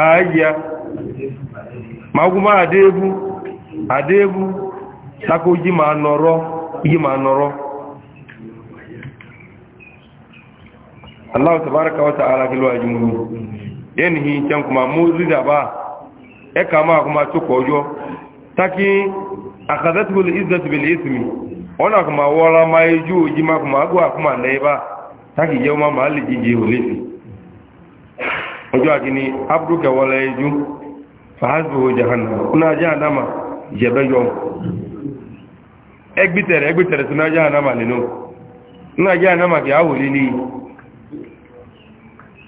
ààyà magúmá àdéébú àdéébú tako yí ma nọ̀rọ̀ yí ma nọ̀rọ̀ aláwọ̀ tàbárakà wata alákìlú àjúmùmí yẹn ni ìkẹ́ kuma mú rídàbá ẹka e máa kuma tó kọjọ́ taki àkàzẹ́tìbò lè ìzẹ́tìbò lè ìsìnmi wọ́n náà kuma wọ́ra máa yíjú òjí máa kuma agbó àkúmà lẹ́yìn bá taki yẹ́ wọ́n máa lè jíjẹ òlẹ́sìn ọjọ́ àkíní abúrúkẹ wọlé ijú fàásùwò jahannama kúnná jahannama jẹbẹjọ ẹgbìtẹ̀rẹ̀ ẹgbìtẹ̀rẹ̀ tó náà jahannama nínú kúnná jahannama kì á wòlé ní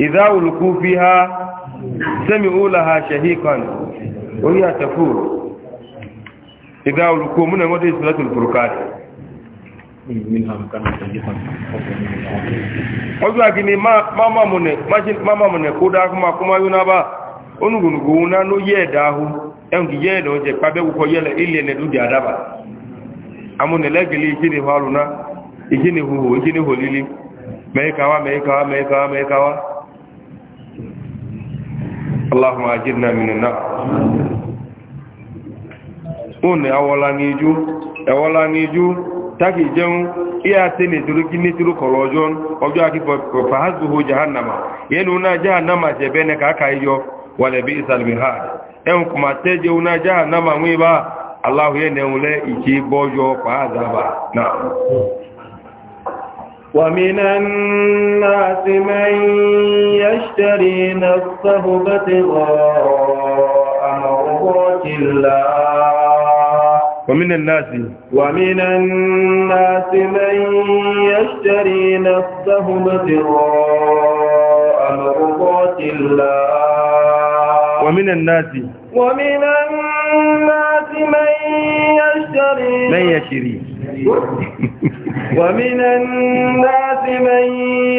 ìdá olùkú fi ha sẹ́mi óòlà ha ṣẹ̀híkan orí àtẹ̀fò ìdá olùkú múnà mọ́tò ọjọ́ kí ni máma mọ̀nẹ̀ kó dáa kó máa kó máa yóná bá onúgbùnùgbò náà ló yẹ́ ẹ̀dá ahú kì taki jẹun iya se ne ọjọ́ ọjọ́ aki jahannama yẹnu na jahannama ṣe bẹ́ẹ̀ e ne kàkà yọ wàlẹ̀ bí ha ẹun kuma tẹ́ jẹun na na ومن الناس من يشتري بتغاء مرضات الله ومن الناس ومن الناس من يشتري نفسه ابتغاء مرضات الله ومن الناس ومن الناس من يشتري من يشتري ومن الناس من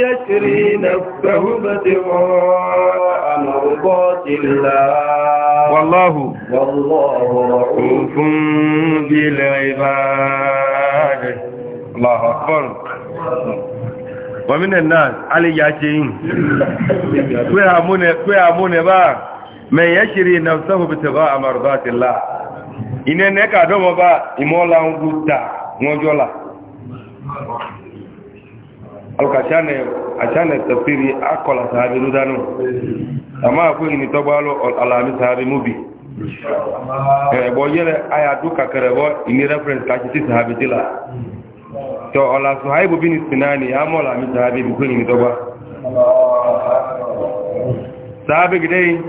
يشري نفسه ابتغاء مرضات الله والله والله رؤوف بالعباد الله أكبر ومن الناس علي ياتين كوي امونه با من يشري نفسه ابتغاء مرضات الله ine ne با domo ba ŋɔjɔ la ɔka tsane atsane tafsiri akɔla sahabi nu danu ama ko ini tɔgbɔ alo alami sahabi mu bi ɛbɔ yɛrɛ aya du kakarɛ bɔ ini reference ka titi sahabi ti la tɔ ɔla suhaibu bi ni sinani amɔ alami sahabi bi ko ini tɔgbɔ sahabi gidɛ yi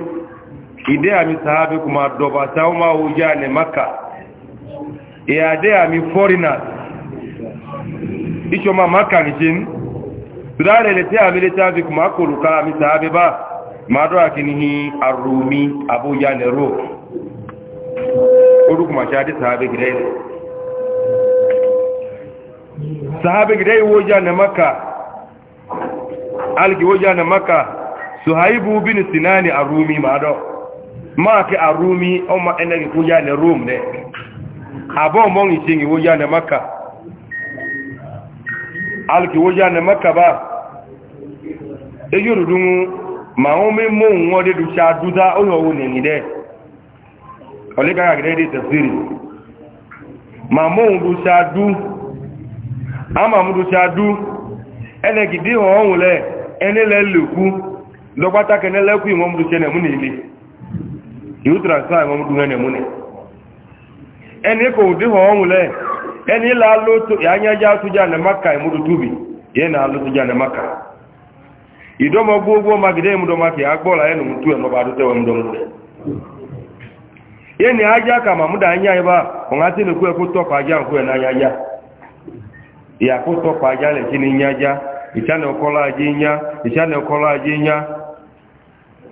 ide ami sahabi kuma dɔba sawo ma wo ja ne maka ìyàdẹ́ àmì foreigners ìṣọ́mà makaricin tùdárẹ̀ lè tí àmì létà fi kùmà kòrùka àmì sàábẹ́ bá màádọ́rà kì ní àrùmí àbúyà nẹ̀rọ orúkùmà ṣáàdé sàábẹ́ gidẹ́ sàábẹ́ gidẹ́ ìwójá nẹ maka alìkìwójá nẹ maka sùháìbù bínú sinani àrùmí màádọ́ máa kí àrùmí ọmọ ẹnẹ́gì kújá nẹ rome nẹ́ Abụọ mọ́ ìṣe ìwó yá nẹ maka alùkìwó ya nẹ maka bá eyí rùdún ma ó mé mọ́ òun ọdé ṣe àdúdá olówó nìyí dẹ́ ọlẹ́gbàgbà gẹ́gẹ́ dé ma mọ́ òun dù ṣe àdú ama mú dù ṣe àdú ẹnẹ́gìdí ọ̀hún lẹ ẹnẹ́lẹ́ lèkú ẹni kò dìhọ̀ ọ̀húnlẹ̀ ẹni lálótó ìyányájá tó já nẹ maka ìmúdó túbì yẹ́ na lótó já nẹ maka ìdọ́mọ gbogbo magidé ìmúdó maka agbọ́la ẹnu tú ẹ̀ lọ́ba adótẹ́ wọn dọ́mú yẹ́ ni ajá ka màmúdà anyá ibá ọ̀hán tí nìkú ẹkú tọ́pọ̀ ajá nìkú ẹ̀ náyájá ìyàkó tọ́pọ̀ ajá ajé nyá ajé nyá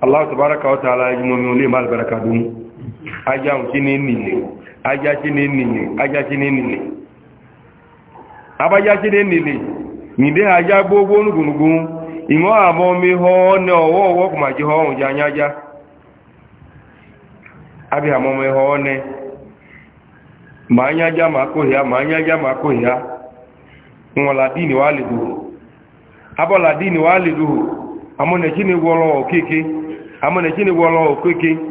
aláwọ̀ ajáṣe ní nìlè ajáṣe ní ha abájáṣe ní nìlè gbogbo onúgbùnúgbùn ìwọ́n àmọ́ mi họ ní ọwọ́ ọwọ́ kò máa jẹ́ họ ọ̀hún janyájá abí àmọ́ mi họ ní màá yájá màá kò yá màá yájá màá kò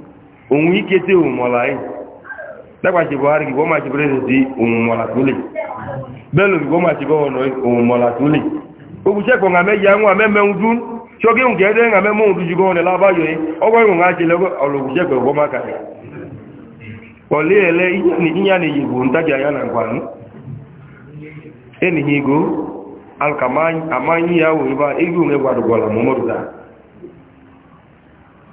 onwe ike te omumola anyị dagbachi buhari gị gbomachi prezidenti omumola tuli belo gị gbomachi gọvanọ omumola tuli ogbuche kpọ meji anwụ chọgị ede gọvanọ chele ọlọgbuche kpọ gbomaka ya kpọlie ihe a na-eyi bụ ntabi anya na nkwanụ enihi go alka amanyi ya wụ ebe a ego onwe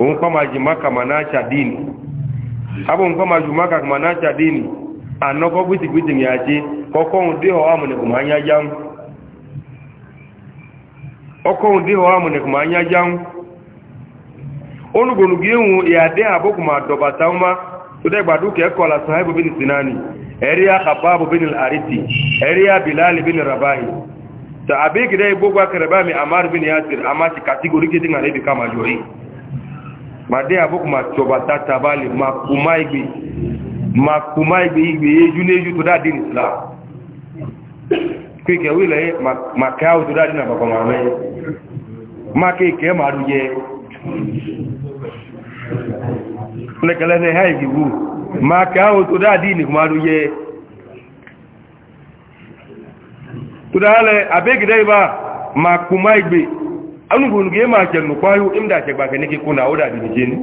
un kama jimaka manacha dini abu un kama jumaka manacha dini anoko biti biti miachi koko ndiho amu ne kumanya jam oko ndiho amu ne kumanya jam onugonu gienwu ya de aboku ma dobata uma tude gbadu ke kola sahibu bin sinani eriya khabbab bin al-ariti eriya bilal bin rabahi ta abi gidai bogwa amar bin yasir amma ki category ke tinga ne kama jori màdé àbúkù ma tsọba tata balẹ̀ ma kuma igbe ma kuma igbe igbe eju n'eju tó dáadé ní islam kéèké wílẹ̀ yẹ ma káwó tó dáadé ní àbàkọ̀ ma mẹ́ ma kéèké ma dùn yẹ lẹ́kẹ̀lẹ́ ní ha ìgbìgbù ma káwó tó dáadé ní ma dùn yẹ tó dáadé abẹ́gidẹ́ ibà ma kuma igbe anugun ge ma ke kwayo imda ke ba ke niki kuna oda bi je ni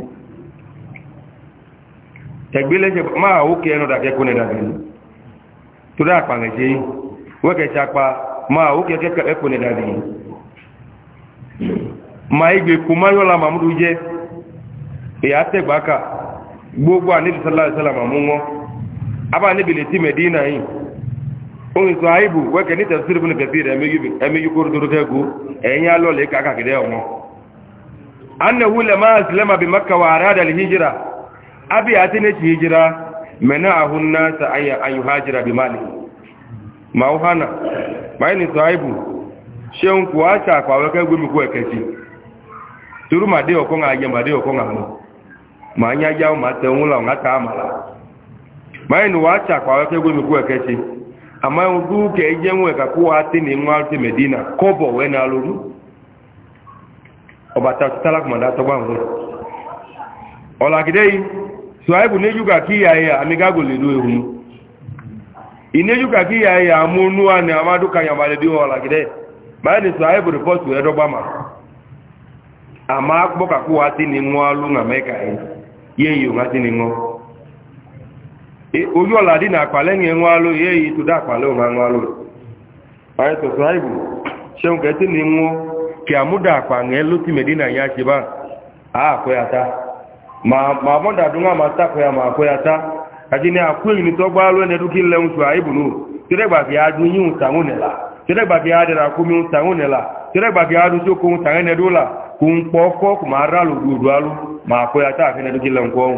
tegbele je ma o ke da ke kuna da ni to da pa nge je we ke chapa ma o ke ke ke e kuna da ni ma igbe kuma yo la mamudu je e ate gba ka gbogbo anabi sallallahu alaihi aba ni ti medina yin ohun ìsọ àìbù wẹ́kẹ̀ ní tẹ̀sírí fún kẹsírí ẹmẹ́yí kó rúdúrú kẹ́gù ẹ̀yìn alọ́lẹ̀ kàkàkìdẹ́ ọmọ annahu lama aslama bi makka wa arada al hijra abi atine ci hijra mena ahunna sa ayya an yuhajira bi mali mauhana bayni saibu sheun kwa weka gumi ku eketi turu made oko ma nya ya ma te unla nga ta mala kwa weka gumi ku àmọ́ ẹ̀hún dúkẹ́ ìjẹ́wọ̀n ẹ̀kà kó wá tí ní wọ́n á tẹ́ mẹ̀dínà kọ́bọ̀ wẹ́ náà lórú ọba tálákùmọ̀dá tọ́gbà ń rẹ̀ ọ̀làkìdẹ́ yìí ṣùgbọ́n ìnẹ́jùkà kí ìyàyà amígágò lè ló ehun ìnẹ́jùkà kí ìyàyà amúnúwà ní amádùkà ọ̀làkìdẹ́ ojú ọ̀la dí nà àpàlẹ́ yẹn ń wá ló yé yìí tó dá àpàlẹ́ òun àwọn alò ààrẹ sọ̀sọ́ráìbù ṣeun kẹtí ni ń wọ́n kí àmúdà àpàǹgẹ́ ló ti mẹ̀dínà yá ṣe bá àkọ́yàtá màá mọ́dà dúnwà máa tàkọ́yà máa kọ́yàtá àti ní àkó ìní tó gbá ló ẹnẹ́dú kí lẹ́hun tó kóhun tàwọn ẹnẹ́dú là kóhun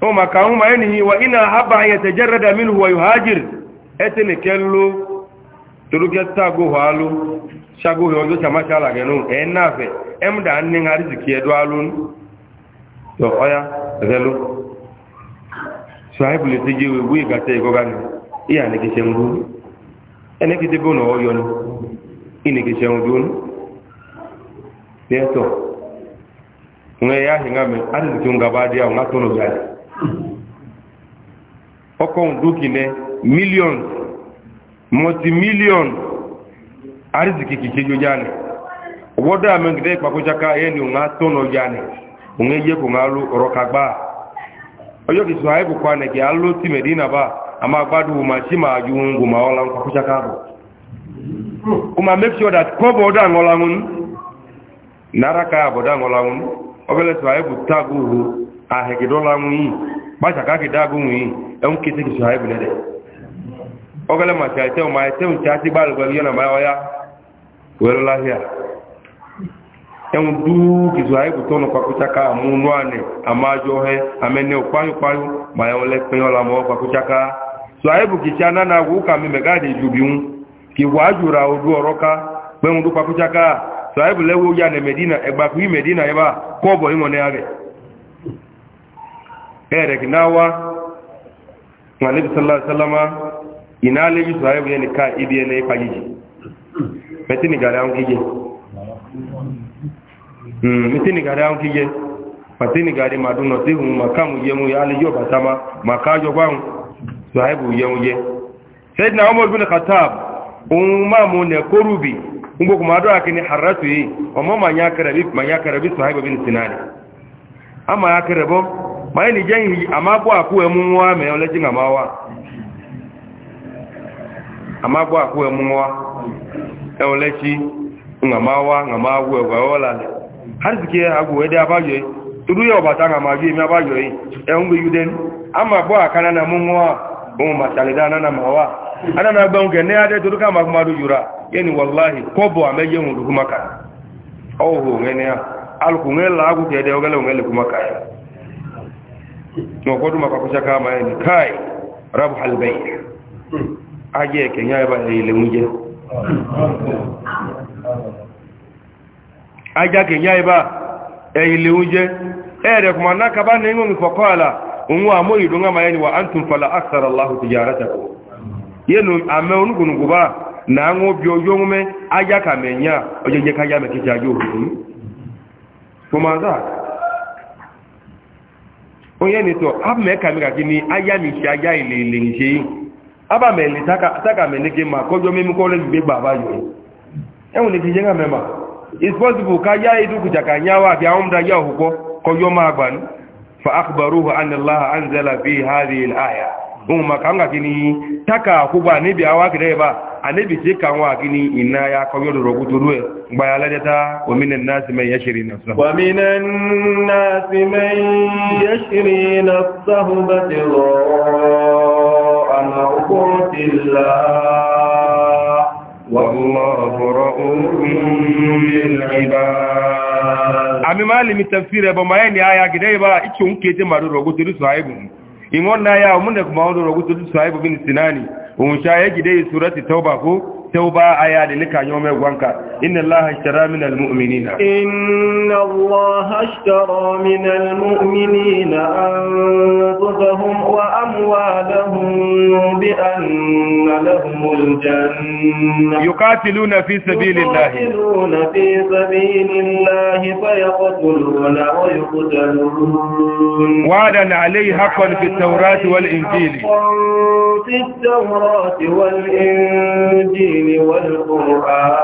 o maka ụmụ enyi wa ị na-ahaba anya tejereda min huwa yuhajir etene kello toruketa goho alu shagohi ojo chamacha ala gẹ nù ẹ ẹ mú dà alu ọya ẹgẹlu so ti jẹ ewu ìgàtẹ ìgọgá ni ìyá na ị na ya ọkọ̀hún dókìnẹ́ millions multimillion arziki kìkejò jáni ọgbọ́dọ̀ àmẹ́gidẹ́ ìpàkójáká ẹ̀yẹ́ ni òun á tọ́nà jáni òun yẹ kò ń alú ọ̀rọ̀ kagbá ọjọ́ kìí sọ àìkò kwa nẹ̀kì aló tí mẹ̀dínà bá a máa gbádùn wùmá sí máa ju ohun gùnmá ọlá ń pàkójáká bọ̀ o máa make sure that kọ́bọ̀ ọdá àngọ́lá ń nára ká àbọ̀dá àngọ́lá ń ọbẹ̀lẹ̀ sọ àìkò tágùrù ahịgịdụla nwunyi kpachaka gịda agụ nwunyi enwu kete gị soha ebule dị ogele ma cha ete ma ete nche achị gbalị gwa gị na ma ọya were lahịa enwu duu gị soha ebute ọnụ kwakụchaka amụ nụ anị ama ajọ ohe amene ụkpanyụ kpanyụ ma ya ole kpenye ọla ma ọ kwakụchaka soha ebu gị cha na na-agwa ụka mmemme gaa dị jubiwu ka igwe ajụra odu ọrọka kpenwu dụ kwakụchaka soha ebule ewu ya na medina egbakụ medina ebe a ka ọ bụ ịnwụ na ya gị ẹ̀rẹ̀ náwá mọ̀lẹ́bí sallama iná lẹ́bí sọ́yẹ́bù yẹn ká ibi ẹ̀nà ipa yìí mẹ́tí ni gàrí àwọn kíyẹ mẹ́tí ni gàrí àwọn kíyẹ mẹ́tí ni gàrí màdúnà tí hùn màkàmù yẹmu yẹ alẹ́ yóò bàtà ma màkájọ báhùn sọ́yẹ́bù yẹmu yẹ sẹ́dínà ọmọ ìbínú katab òun máa mú nẹ kórùbì gbogbo màdọ́ àkíní haratu yìí ọmọ mànyá kẹrẹbí sọ́yẹ́bù bí ma ni jẹ́ àmágbó àkú ẹmú wá mẹ́ ọlẹ́jìn àmáwá àmágbó àkú ẹmú wá ẹọlẹ́sí ǹgàmáwá ǹgàmáwú ẹgbẹ̀ọ́lá hàrísìkí agbó ẹdẹ abájọ́ yìí irú yọ bàtà àmàjú èmi abájọ́ yìí ẹ̀hún gbé yú dẹnu àmàgbó àkánà na mú wá ohun màtàlẹ́dá anáná màwá anáná gbẹ̀hún gẹ̀ẹ́ adẹ́ torí ká alùkùnrin làágùn òun mọ̀kọ́dún makwakwúsá ká máa ní rabu halbai ajé ẹ̀kẹ̀ yá ẹbá ilẹ̀ oúnjẹ ajá kẹ̀ yá ẹbá ilẹ̀ oúnjẹ ẹ̀rẹ̀ kùmà náà kaba ní inú ìfọ̀kọ́ àlà òun àmó ìdún àmà ẹni wà ántùn fàlà àkàrà láhù ti Ye tẹ̀kọ́ ame àmẹ́ na ń obi oyi aja mẹ́ ajá kàmẹ̀yà onye jẹ́ káyà mẹ́kẹ́kẹ́ ajó òfin fún onye nito abụm ekamera gị ni aya michi aya ilele nje aba mele taka mele gị ma kọjọ mmemme kọrọ gbigbe gba aba yoyi enwere ike ihe nga mema is possible ka ya edukuja ohun maka nga gini taka akwụgbọ anebi awa kere ebe a anebi ti ka nwa gini ina ya kọyọ lọrọ kwutoro ẹ gba ya lẹdẹta ominen nasi mai yashiri na sahu ominen nasi mai yashiri na sahu bati lọ ana ukutila wallahu ra'ufun bil ibad ami malimi tafsir ebo ba ichun kete in wannan ya mun da kuma wanda ragu tutu sahibu bin sinani un sha ya gide surati tauba ko توبة آيات لك يوم يقوانك إن الله اشترى من المؤمنين إن الله اشترى من المؤمنين أنفسهم وأموالهم بأن لهم الجنة يقاتلون في سبيل الله يقاتلون في سبيل الله فيقتلون ويقتلون وعدا عليه حقا في التوراة والإنجيل حقا في التوراة والإنجيل والتين والقرآن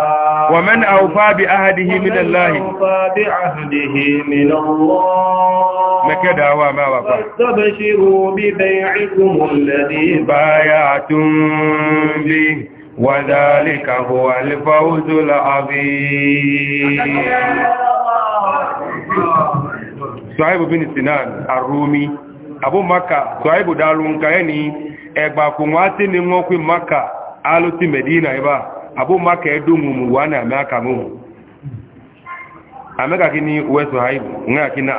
ومن أوفى بعهده من الله أوفى بعهده من الله لك دعوى وفى فاستبشروا ببيعكم الذي بايعتم به وذلك هو الفوز العظيم صعيب بن سنان الرومي أبو مكة صعيب دارون كأني ẹgbàkùnwá tí ni wọ́n pín maka aloti medina iba abu maka edungu mu wana ameka mu ameka kini uwezo haibu ngaya kina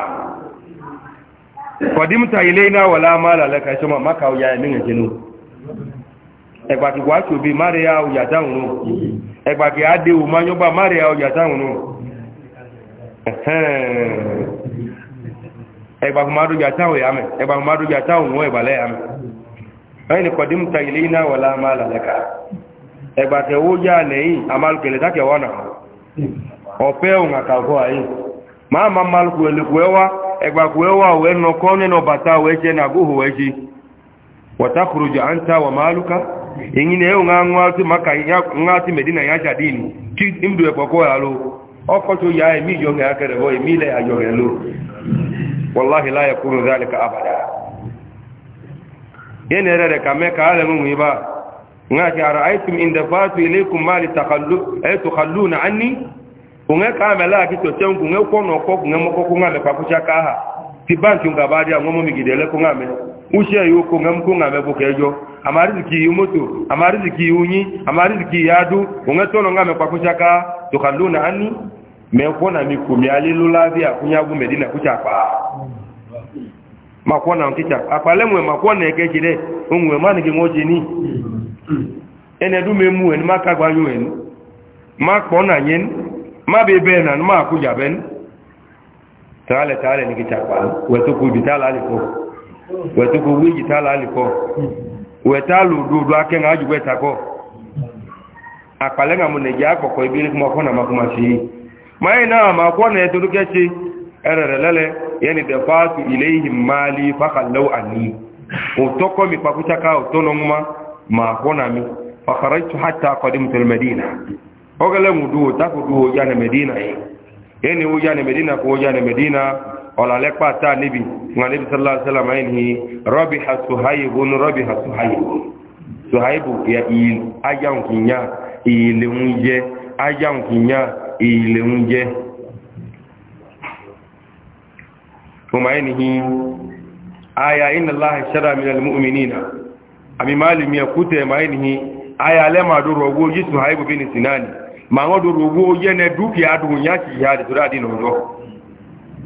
kwadimta ilaina wala mala laka shoma maka uya ninga jenu egbaki wacho bi mare ya uya tawunu egbaki ade u manyoba mare ya uya tawunu egbaki madu ya tawu ya me egbaki ẹni kọ̀dímta ilé iná wà láàmà lálẹ́ka ẹgbàtẹ̀ owó yá lẹ́yìn àmàlùkẹ̀lẹ̀ dákẹ̀wọ́ náà ọ̀pẹ́ òun àkàkọ́ ayé máa ma malùkù ẹ̀lẹ́kù ẹwà ẹgbàkù ẹwà ọ̀wẹ́ nọkọ́ nínú bàtà ọ̀ẹ́ṣẹ́ náà góhò ẹ̀ṣẹ́ wọ̀tákùrùjọ à ń ta wà máàlùká èyí ni ẹ̀hùn ńlá ti mẹ̀dínà yá ṣàdínì kí ìmdù ẹ̀pọ̀kọ́ ẹ̀ lọ ọkọ̀ tó yá ẹ̀mí ìjọ yana yare da kame ka alamin mu ba nga ki ara'aytum in dafatu ilaykum ma li takhallu ay eh, tukhalluna anni unga kame la ki to chen ku nga ko ko nga mo ko ku nga me ka ha ti ban tu nga ba dia ngomo mi gidele ku nga me u she yu ku nga mu ku nga me bu ke jo amari ziki yu moto amari ziki yu nyi amari ziki yadu unga to no nga me ka ku cha ka anni me ko na mi ku mi alilu la dia ku nya gu medina ku cha makwa na nkịcha akpale nwe makwa na eke jide onwe ma nige nwoje ni ene dume mu en maka gbanyu ma kpo na nyen ma be na ma ku ja ben tale tale ni kita kwa wetu ku bi tala ali ko wetu ku wi weta lu du du ake na ju weta ko akpale na mu ne ja ko ko ibi ni mo ko ma kuma na ma kwa na etu ke ẹrẹ̀rẹ̀ lẹ́lẹ̀ yẹni dẹ̀fàátù ilé ìhìmáàlì fàkàlẹ́wò àní òtọ́ kọ́ mi pàkúṣáká òtọ́ nọ mọ́ mi fàkàrà ìtù hàtà kọ́dímùtẹ̀lẹ̀ mẹ́dínà ọgẹ́lẹ́ mú dúwò tákù dúwò yá ní mẹ́dínà yìí yẹni ó yá ní mẹ́dínà kó yá ní mẹ́dínà ọ̀làlẹ́ pàtà níbi nga níbi sallàsálàmà yìí rọ́bì ha suhayibu ní rọ́bì ha suhayibu suhayibu yà ìyìn ajáhùn kìnyà ìyìn lè ń jẹ ajáhùn kìnyà ìyìn lè ń kuma ainihin aya inna allaha shara min almu'minina abi malum ya kute ma ainihin aya le ma do rogo jisu haibu bin sinani ma ngo do rogo yene dukiya du nya ki ya de sura dinu do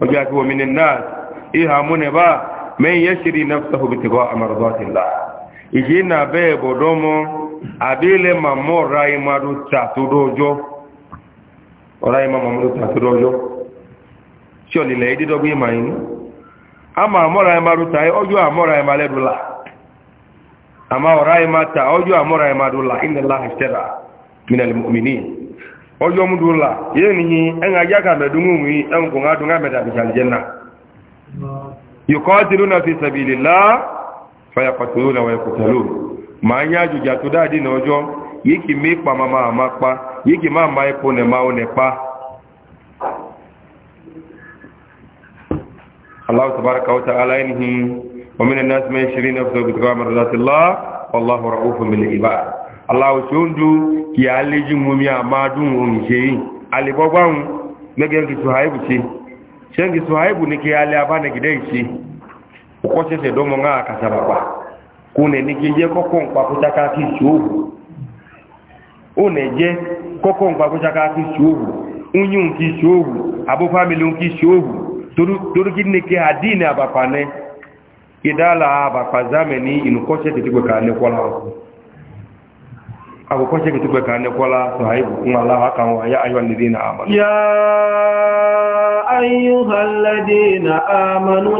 oja ko min nas iha mune ba man yashri nafsahu bitiqa amradatillah ijina be bodomo abile mamora imaru tatudojo ora imamu tatudojo sio lile ididogu imainu ama amọ́ra ẹ̀ma ruta ọjọ́ amọ́ra ẹ̀ma lẹ́dùlá ama ọ̀rá ẹ̀ma ta ọjọ́ amọ́ra ẹ̀ma dùlá ìnàlá ìṣẹ́ra la ọjọ́ mú dùlá yéè nìyí ẹ̀ŋà yáka mẹ́dúnmùmí ẹ̀ǹkù ńà dùn ámẹ́dà bìsàlìjẹ́nà yòkọ́ ti lónà fi sàbìlìlá fàyàpàtòló na ẹ̀kùtàló màá yá àjòjà tó dáadé ní ọjọ́ yìí yi. pa الله تبارك وتعالى ينهي ومن الناس من يشري نفسه ابتغاء مرضات الله والله رؤوف بالعباد الله شوندو كي عليجي موميا ما دون ومشي علي بابان نجي كي سهيب شي شنجي سهيب نكي علي ابا نكي دايشي وكوشي سدومو نا كسبابا كونه نكي جي كوكون باكوتا كاكي شوف one je koko ngba ko saka ki showu family un ki toruki ne ke adini abapane idala abapazame ni inukoshe kitigwe ka ne kwala abu koshe kitigwe ka ne kwala sahibu in Allah haka wa ya ayyuhal ladina amanu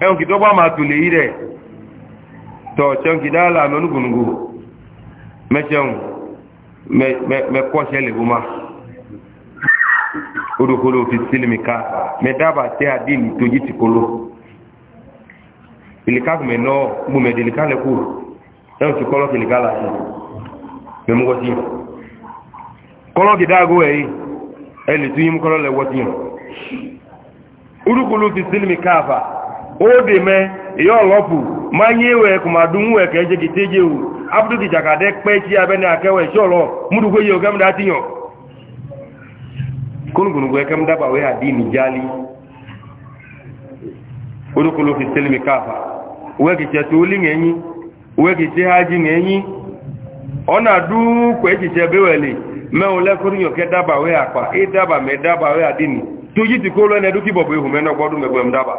ẹ̀hùn kìtọ́ bá máa tòlè yí rẹ̀ tọ̀ ṣẹun kìdá lànà onígbòǹgbò mẹ́ṣẹ̀hùn mẹ́kọ́ṣẹ́ lè bó ma odòkolo fi sílìmì ká mẹ́dábà tẹ́ àdínì tójí ti kolo ìlìká kùmẹ̀ náà gbòmẹ̀dì ìlìká lẹ́kù ẹ̀hùn ti kọ́lọ́ kìlìká làṣẹ mẹ́múgọ́sí kọ́lọ́ kìdá àgó ẹ̀yìn ẹ̀ lè tún yín kọ́lọ́ lẹ́wọ́ sí yàn odòkolo fi sílìmì káàfà o me ihe ọlọpụ ma ewe kụmadụ nwe ka eje gite je ewu abụdụ gị jakade kpe chi ya bena aka ewe chi ọlọ mụrụgwe ya oge mda wee adị orúkúlù ha jí ẹ̀yìn ọ̀nà dúkọ̀ ẹ̀kìtẹ̀ bẹ́wẹ̀lẹ̀ tó yí ti kó lọ́nà ẹdúkìbọ̀bọ̀ ihùn mẹ́nà gbọ́dún mẹ́gbẹ̀m dábàá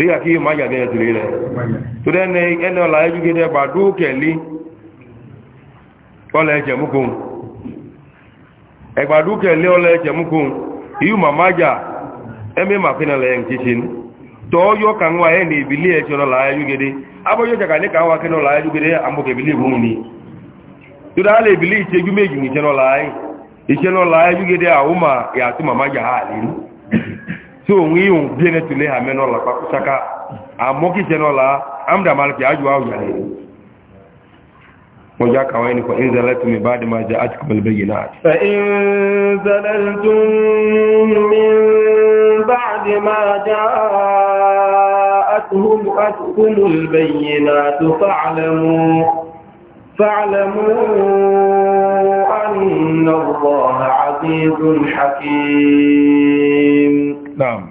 dịka ka ihe maja dị eziri ire tụrụ ene ene ọla ejugide gbado keli ọla eje mụkwụ ẹgbado keli ọla eje mụkwụ ihu ma maja eme ma pinala ya nkichi tọọ yọ ka nwa ya na ebili eche ọla ejugide abụghị ọja ka dị ka nwa kene ọla jugide amụka ebili bụ nri tụrụ ala ebili iche egwu meji n'iche n'ọla anyị iche n'ọla ejugide ahụ ma ya atụ ma maja ha alịrị tí òun yìí òun bí ẹni tìlé àmẹ́ náà lápá ṣaka àmọ́kíṣẹ́ náà lá amdàmálùkì àjùwá òyà rẹ̀ wọ́n já kàwọn ẹni kọ̀ ìzẹ̀lẹ́tù mi bá dìmá jẹ́ àti kọ̀mọ̀lẹ̀ bẹ́yìn náà. فَإِنْزَلَلْتُمْ مِنْ بَعْدِ مَا جَاءَتْهُمْ أَتْكُمُ الْبَيِّنَاتُ فَاعْلَمُوا فَاعْلَمُوا أَنَّ اللَّهَ عَزِيزٌ حَكِيمٌ naam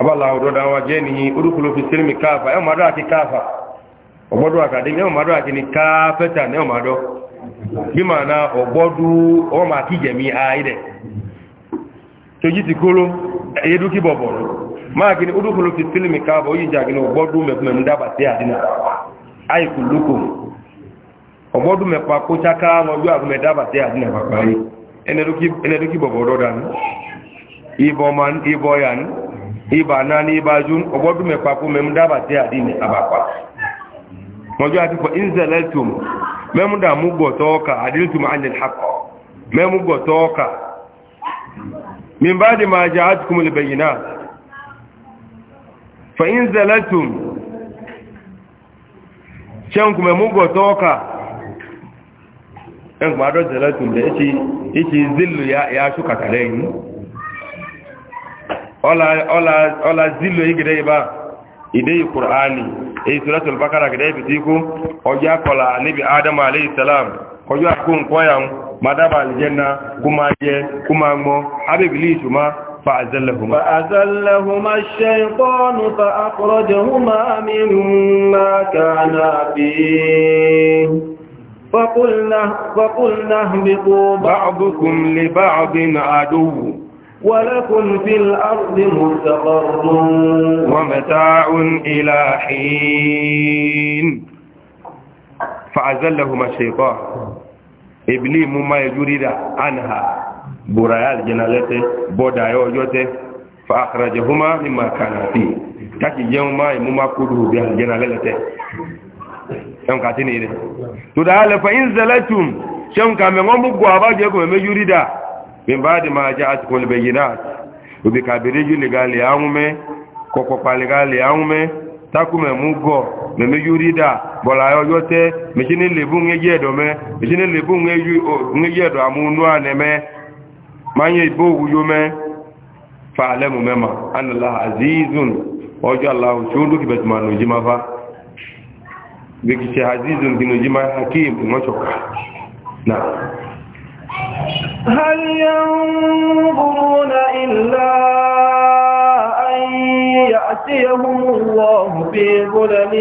abala ọ̀dọ́dá wa jẹ́ ni orúkúlò fi sílẹ̀mì káàfà ẹ̀ e mọ̀dọ́ àti káàfà ọgbọ́dọ̀ àkàdé ẹ̀ e mọ̀dọ́ àti ní káàfẹ́tà ẹ̀ e na ọgbọ́dú ọmọ àkíjẹ̀mí àìdẹ̀ tójí ti kóló ẹ̀yẹ́dú kí bọ̀ bọ̀rọ̀ máa ni orúkúlò fi o káàfà ó yíjà kí Ene duki iboman iboyan ibana ni ibajun obodu me papo mem daba te adini abapa mojo ati fo inzalatum me da mu gotoka adiltum anil haqq mem gotoka min ba'di ma ja'atkum al bayyinat fa inzalatum shanku mem gotoka en ma do zalatum da yace yace zillu ya ya shuka kare ni ọla zilo igide iba ideyi qur'ani eyi suratul bakara gida ibi tiku ọjọ́ akọla níbi adam aleyhisalam ọjọ́ akó nkọya madaba aljanna kuma yẹ kuma mọ́ abibili ìṣùmá فأزلهما فأزلهما الشيطان فأخرجهما مما كانا فيه فقلنا, فقلنا بعضكم لبعض عدو ولكم في الأرض مستقر ومتاع إلى حين فأزلهما الشيطان إبليم ما يجرد عنها بريال جنالته بودا يوجوته فأخرجهما مما كان فيه تاكي يوما يمما كله بها الجنالته yanka كاتيني، ne to da halafa in zalatum shanka mai ngomugwa ba min baadi ma jaatkum albayinat ubi kabiriju ligali yangume kokokpa ligali yangume takume mugo meme yurida bolayo yote mechini lebu ngejedo me mechini lebu ngejedo amunu aneme manye ibogu yume fa'lamu mema anna allaha azizun ojo allah shundu jima fa azizun hakim na هل ينظرون إلا أن يأتيهم الله في ظلم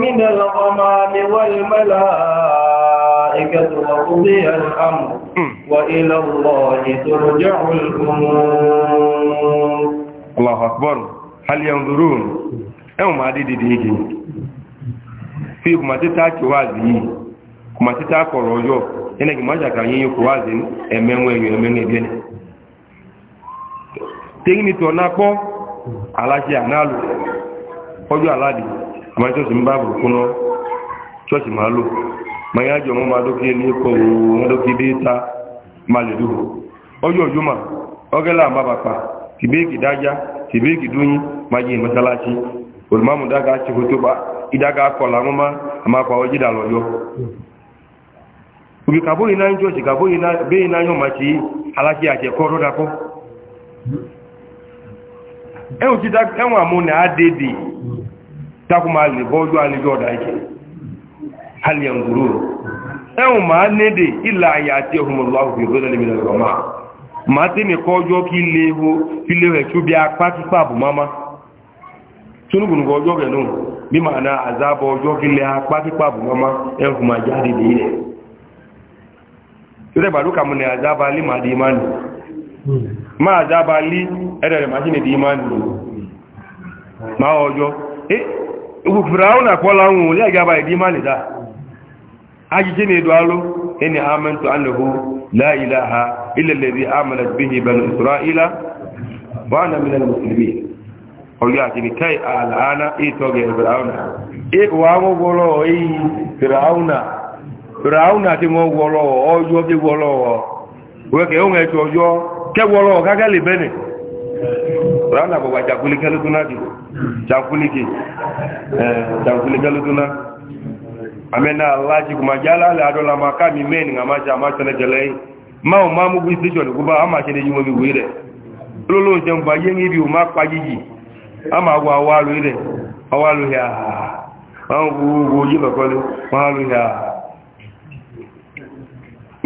من الغمام والملائكة وقضي الأمر وإلى الله ترجع الأمور الله أكبر هل ينظرون أو ما دي دي دي في ما تتاكي وازي kuma títí akọ̀rọ̀ ọjọ́ ẹnẹ́gì májàkà yín yóò kó wá sí ẹ̀mẹ́wọ̀n èèyàn ẹ̀mẹ́wọ̀n ẹ̀bí ẹni tẹ́yìn ní tọ́ náà pọ́ aláṣẹ ànáàlù ọjọ́ aládì àmọ́ ṣọ́ọ̀ṣì ń bá bùrù kúná ṣọ́ọ̀ṣì máa alụ máa yá jọ mọ́ ma ọjọ. oge ka abụghị na njọ chi ka abụghị beghị n'anya ọmachi alachi e ache kọrọ dapụ enwa mụ na adịdị takwumali bọju alịjọ ọda ike alien guru enwu ma anede ila aya ati ohumọlọ ahụ bụ ebe na ọma ma temi kọjọ ka ile ihu ile bịa ma na azabọ ọjọọ kí lè apá kípa bù tore baruka mune azaba li ma di imani ma azaba li erere machine di imani ma ojo eh ugu firauna ko lawun le agaba di imani da ajije ne do alo inni amantu annahu la ilaha illa alladhi amanat bihi banu israila wa ana minal muslimin rauna ti mo wolo ojo bi wolo we ke o nge ojo ke wolo ka ga le bene rauna bo wacha kuli kalu tuna di cha maka mi men ngama cha ma tele ma o ma mu bi ti jole kuba ama se ni mo bi wire lolo je ye o a ama wa wa lo ire awa lo ya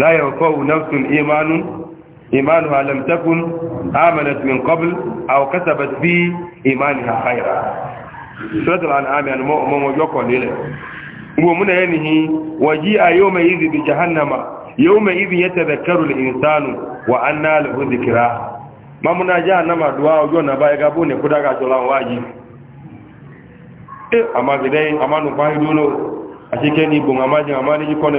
لا يوفو نفس إيمان إيمانها لم تكن آمنت من قبل أو كسبت في إيمانها خيرا سورة الأنعام يعني مو يقول لي ومن هذه وجيء يومئذ بجهنم يومئذ يتذكر الإنسان وأنى له ذكرى ما منا جهنم دعاء جونا بايغابوني كدغا جولان واجي eh amma gidai amma a cikin ibon amma jin amma ne ji kone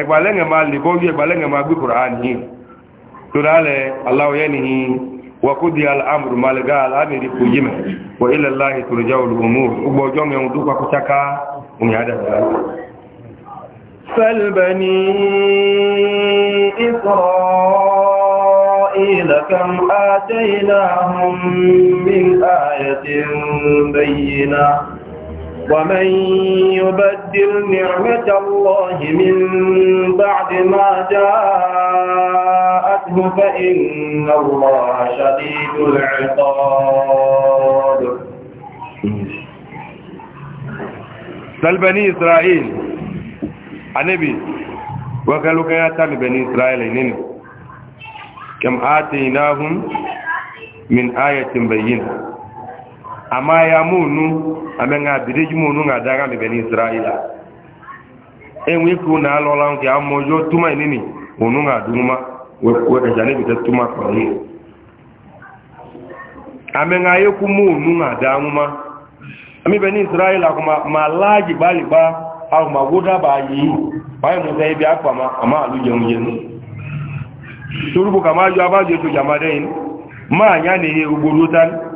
ẹgbàlẹ́ngẹ̀ máa lè bọ́ wí ẹgbàlẹ́ngẹ̀ máa gbé kùrán yìí tó dálẹ̀ aláwọ̀yẹ́ ni wàkúdí al'amuru malaga al'amiri kò yí mẹ́ wà ilẹ̀ láì tó rẹjá olùgbòmù gbogbo ọjọ́ mẹ́rin tó pàkútáká من آية ومن يبدل نعمة الله من بعد ما جاءته فإن الله شديد العقاب سل بني إسرائيل النبي وقالوا كياتا بني إسرائيل إنني كم آتيناهم من آية بينة ama ya munu ame nga bide ju munu nga daga mi beni israila enwe ku na alola nke amojo tuma nini munu nga duma we we ka jani bide tuma ko ni ame nga ye ku munu nga dauma ami beni israila kuma malaji bali ba au maguda ba yi bai mu sai biya kuma ama alu yen yen turubu kama ju abajo to jamadin ma nya ne uburutan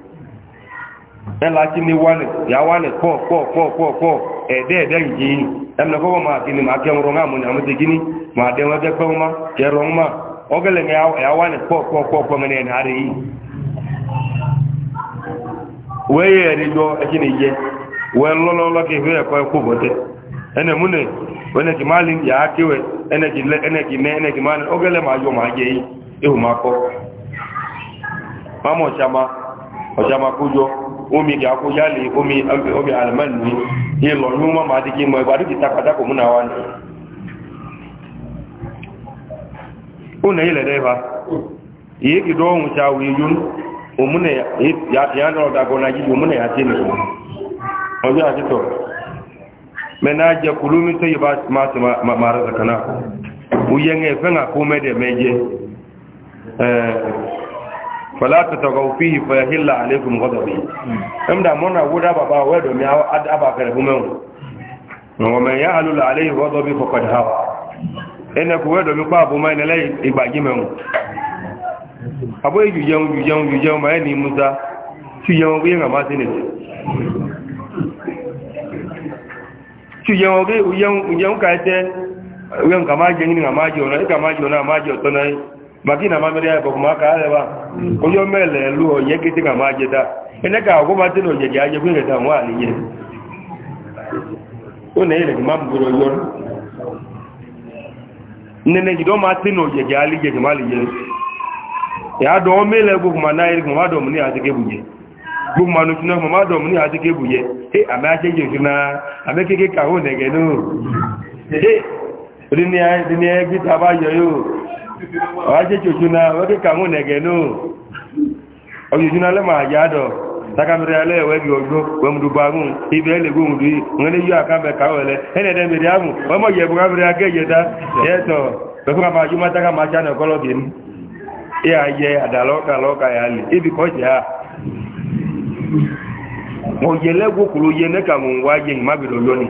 ẹ̀la kí ni wálẹ̀ yà wálẹ̀ pọ̀ pọ̀ pọ̀ pọ̀ pọ̀ ẹ̀dẹ́ ẹ̀dẹ́ yìí ẹ̀mìnà fọwọ́ máa kí ni máa kẹ́ ọrọ̀ ńàmù àmúti kí máa dẹ̀ wọ́n gẹ́gbẹ́ má kẹrọ wọn ọgẹ́lẹ̀ yà wálẹ̀ pọ̀ mẹ́rin ẹ̀nà rẹ̀ yìí. wẹ́yẹ ẹ̀rí ẹkí ni wẹ́ lọ́lọ́lọ́ kí yọ omi kì akó yálè omi omi alimẹ́ni ni yé lọ ní wọ́n máa di kí mọ ẹgbàá dúkì takàtà kò múnà wá ní. ó nà yí lẹ́dẹ́ fa èyí kì dọ́ ya ṣá òye yún òmúnà yàtìyà náà dàgọ́ náà yí òmúnà yàtìyà nìkan ọjọ́ àtìtọ̀ mẹ́nà jẹ́ kùlùmí tó yẹ bá máa ti máa rẹ̀ ń ń àkó fala ta tagaw fihi fa yahilla alaykum ghadabi amda mona wuda baba wedo mi aba kare humen wa man ya'lu alayhi ghadabi faqad hawa ene ku wedo mi pa bu mai ne lei igbaji men abo ju jeun ju jeun ju jeun mai ni musa ti jeun bi ma se ne ti jeun ge u jeun ka te we nga ma je ni ma je ona ka ma je ona ma je to na maka na mamịrị ya bụ maka arịwa onye omele elu onye nkịtị ga ma jeta ene ọ agwụ matị na onye gị ajekwa ịreta nwaanyị nye ụna ere gị ma mbụrụ onye ọrụ jide na onye gị gị nye ya dụ omele ma na ere mmadụ ọmụnị ma n'otu n'ọmụ mmadụ ọmụnị adị ebunye e amaghị eji otu na amekeke ka hụ na n'o ya ya wájé jòjúná wẹ́kẹ́ kàmú nẹ̀gẹ̀ náà ọjòjúná lẹ́mọ̀ àjádọ̀ takamẹ́rẹ́ alẹ́ ẹ̀wẹ́gì ọgbọ́ wẹ́mùdúgbàmù ibẹ̀ lẹ́gbọ̀n Mo jẹ́ lẹ́gbọ́kùnlóyẹ́ nẹ́kàmù wáyé ìmábìrò lónìí.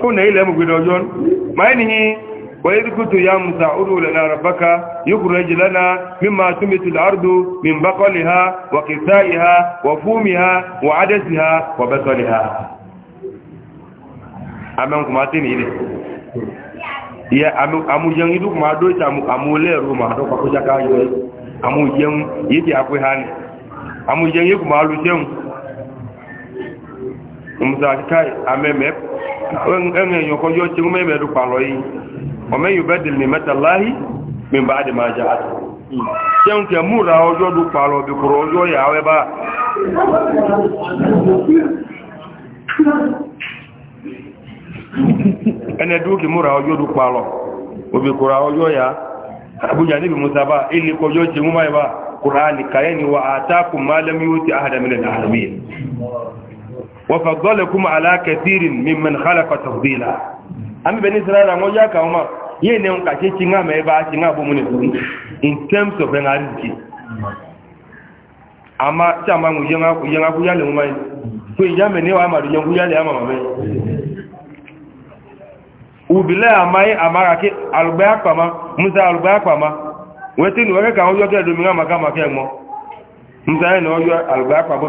kuna ile mugwido jon maini وإذ كنت يا موسى أدعو لنا ربك يخرج لنا مما تمت الأرض من بقلها وقثائها وفومها وعدسها وبصلها أمامكم أتيني إليه ya amu jẹun idu kuma do ita amu lẹru ha ni amu jẹun yi jẹun musa kai ameme ẹ̀yìn ẹ̀yọ̀kọ́ yóò tí ó mẹ́mẹ́rù pàlọ́ yìí ọmọ yóò bẹ́ẹ̀ dìlì mẹ́ta láàáyí mẹ́mbà á dì máa jà á tí ó ń tẹ̀ múra ọjọ́ dùn pàlọ́ bí kòrò ọjọ́ yà áwẹ́ bá ẹnẹ dúkì múra ọjọ́ dùn pàlọ́ òbí kòrò ọjọ́ yà abújá níbi musa bá ilé kọjọ́ tí ó máa bá kòrò àlìkàyẹ́ ni wà á tákùn máa lẹ́mí ó ti àhàdàmílẹ̀ وفضلكم على كثير ممن خلق تفضيلا أما بني إسرائيل أنا وياك وما yene in terms of energy ama chama ngu yenga ku yenga ku yale umai ku yame ne wa ma ru yengu yale ama mame ubile amai amara ke alugba apama musa alugba apama wetin wege ka ojo ke do mi ma ka ma ke mo musa ne ojo alugba apama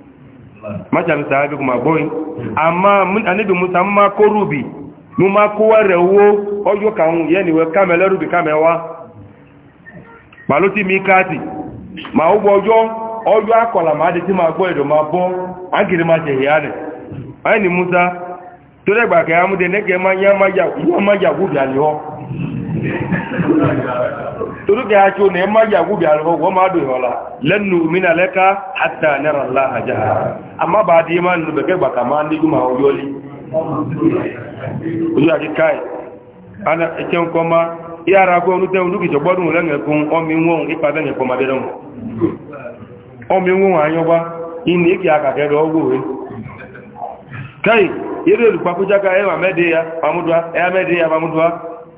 machan sahabi kuma boy amma anibi musa ma ko rubi mu ma ko ware wo ojo kan yeni we kamele rubi kamewa baloti mikati ma ugbo ojo ojo akola ma de ti ma gbo edo ma bo agiri ma je yane ani musa to le gba ke amude neke ma ya ma ya ma ya gubi ani o toruke ha cho ne magi agubi alhogo ma do yola lan nu'mina laka hatta nara allaha jaha amma ba di man no be ke ba kama ndi guma o yoli oju aki kai ana echen koma ya ra go nu te unu ki jobodun le ngekun omi won ipa be ngekun ma be don omi won ayo ba ini ki aka ke do ogo we kai yere lu pa ko jaka e wa mede ya pamudwa e amede ya pamudwa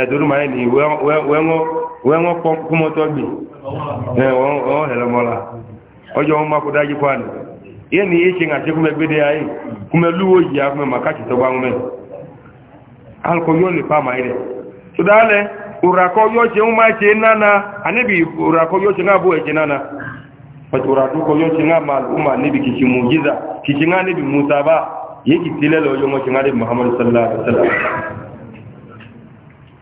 ẹ̀dùnú máa ní wẹ́wọ́n kúmọ́tọ́ gbì ẹ̀wọ́n ẹ̀lọ́mọ́lá ọjọ́ wọn máa kó dájú kọ́ àná yẹ́ ni yé ṣe ń àti kúmẹ́ gbédé ayé kúmẹ́ lúwó yìí akúmẹ́ màkàtí tọgbà wọn mẹ́ alkọ yóò lè pa màá rẹ̀ tó dáálẹ̀ òràkọ yóò ṣe ń máa ṣe nánà àníbi òràkọ yóò ṣe ń àbò ẹ̀ṣẹ̀ nánà pẹ̀tù òràkọ yóò ṣe ń àmà àlùmà níbi kìkì mú jíza kìkì ń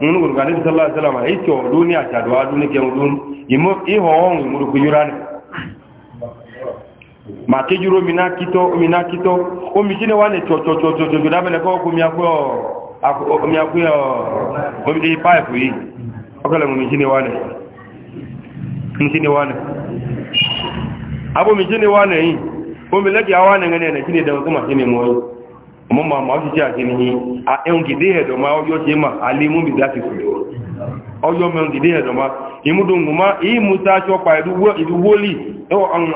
mun gurga nabi sallallahu alaihi wasallam ai to duniya ta duwa duniya ke mudun imo iho on muru ku yurane ma ke juro mina kito mina kito o mi kine wane to to to to to da bele ko ku mi o aku mi akuyo o mi pipe yi akala mu mi kine wane mi kine wane abo mi kine wane yi o mi lagi awane ngene ne kine da kuma kine moyo mo ma ma ọjọ́ àti ní ẹun gìdé ẹ̀dọ̀má ọjọ́ ṣe ma alémú bí láti fi ọjọ́ mẹ́un gìdé ẹ̀dọ̀má ìmúdóngùn ma èyí mú sáájú ọpa ìdúwólì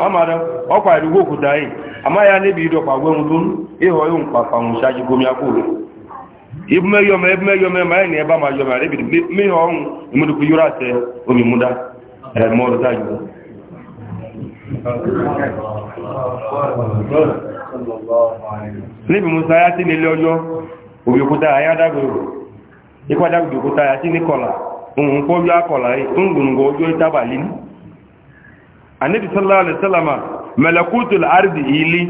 ọmọdé ọpa ìdúwó òkúta yìí ama ya níbi ìdọ̀pà wẹ́hun tó ihò níbi musa ya sí nílé ọjọ́ òbíòkúta ayádágbèrò ìpádágbèròkúta ya sí ní kọlà ohun pọ́jọ́ akọlà ńgbùngbò ọjọ́ ìtàbàlì ní àníbi sallallahu alaihi wasallam malakutu al-ardi ili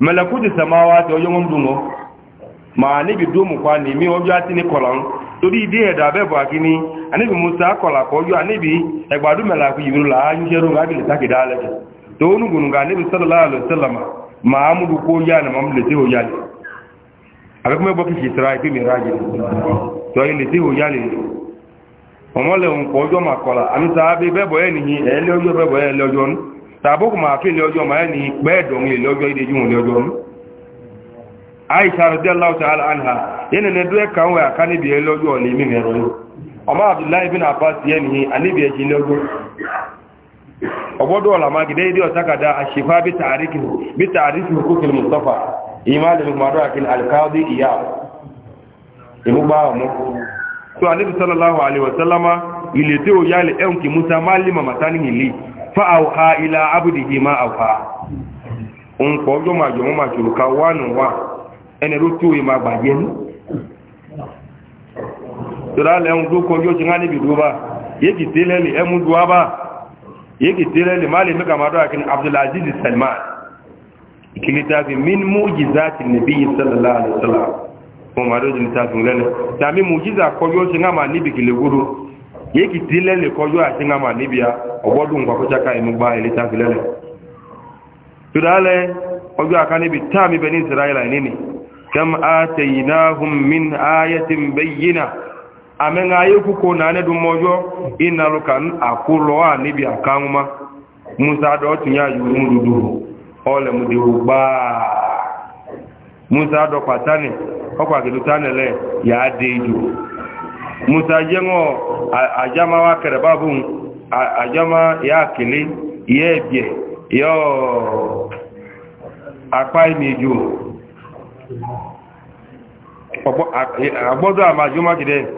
malakutu samawati ojo mo dungo ma ni bi dumu kwa ni mi ojo ati ni kolan tori ide eda be bo akini anibi musa kola ko ojo anibi egbadu malaku yiru la anjeru ga bi le takidale to onu gunu ga anibi sallallahu alaihi wasallam ma a ko ya na ya abe kuma bo ki sitrai ki mi raji le le ma kola ami ta be be bo e ni e le a be bo e le ojo nu ta bo kuma ki le ojo ma e ni pe do mi le ojo ide ju le ojo nu aisha radiyallahu ta'ala anha yana ne duwe kan wa kan bi le ojo ni mi me ro o ma abdullah ibn ani bi e ji le obodo wala ma gidai dio takada ashifa bi ta'rifi bi ta'rifi hukuk al-mustafa imal bin marwa kin al-qadi iya ibu ba mu to annabi sallallahu alaihi wa sallama ile te o yale en ki musa malima matani ili fa auha ila abdihi ma auha un ko jo ma jo ma ju ka wanu wa yake tsira limali mika madu akin abdulaziz salman ikili tafi min mujizati nabi sallallahu alaihi wasallam ko madu jin tafi lene da mi mujiza ko yo singa ma nibi kile guru yake tsira le ko yo asinga ma nibi ya obodu ngwa ko chaka inu gba ile tafi lene tudale ojo akani bi tami bani israila nini kam atainahum min ayatin bayyinah amenga ayeku ko nane du mojo inalukan akulo anibi akanuma musa do tunya yuru dudu ole mudi ugba musa do patani okwa gidutane le ya deju musa jengo ajama wa kerebabu ajama ya kili yebye yo apai miju agbodo amajuma gide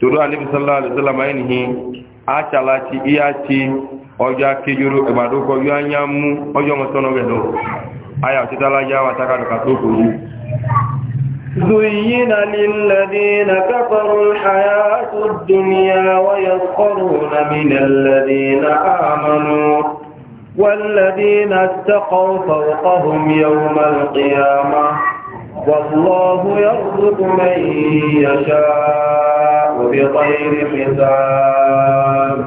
todo alebi sallallahu alaihi wasallam ainihi achalati iyachi ọjọ́ akejoro ìgbàdókọ yọ anya mú ọjọ́ mọ́tọ́nà rẹ̀lọ ayà títàlá yá wà tákàdùkà tó kò rí زين للذين كفروا الحياة الدنيا ويسخرون من الذين آمنوا والذين اتقوا فوقهم يوم القيامة والله يرزق من يشاء بغير حساب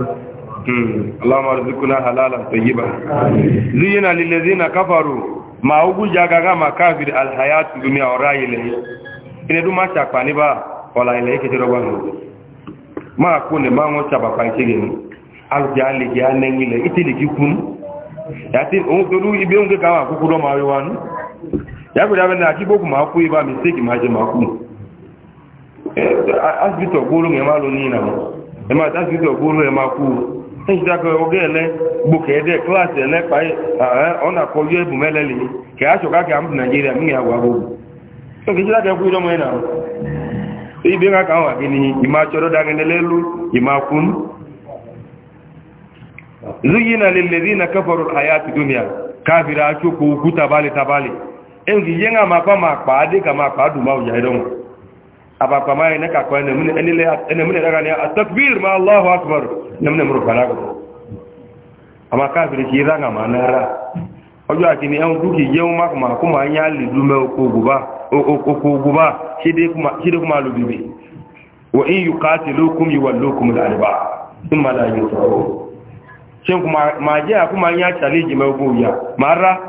اللهم ارزقنا حلالا طيبا زين للذين كفروا ما اوغو جاغا ما كافر الحياه الدنيا ورايله ine du ma chapa ni ba wala ile ke tiro banu ma ku ne ma mo chapa pa chege ni al jali ya ne ni le itili ki kun ya tin o do lu ibe unge ka ma ku ku do ma wi wanu ya kwere abịa na akịgbo okwu ma akwụ iba misteki ma je ma kwụ asibiti ọgbụrụ ma alụ niile na ma asibiti ọgbụrụ ya ma kwụ ejide aka oge ele gboke ede klaasị ele kpa ọ na-akpọ yọ ebu ka a chọka ka mbụ naijiria m ga-agwa gbogbo oge ejide aka ekwu na ibe ha ka ahụ gị n'ihi n'elu na tabali tabali engi yenga mapa makpa ka makpa ma uja don aba pa mai ne ka ko ne mun ene le ene mun daga ne takbir ma allahu akbar ne mun muru kala ko ama ka bi ki ranga manara ojo akini en duki ki yewu ma ma kuma ma nya li du me ko guba o ko guba shide kuma shide kuma lu bibi wa in yuqatilukum yuwallukum al thumma la kuma ma je akuma challenge me ko ya mara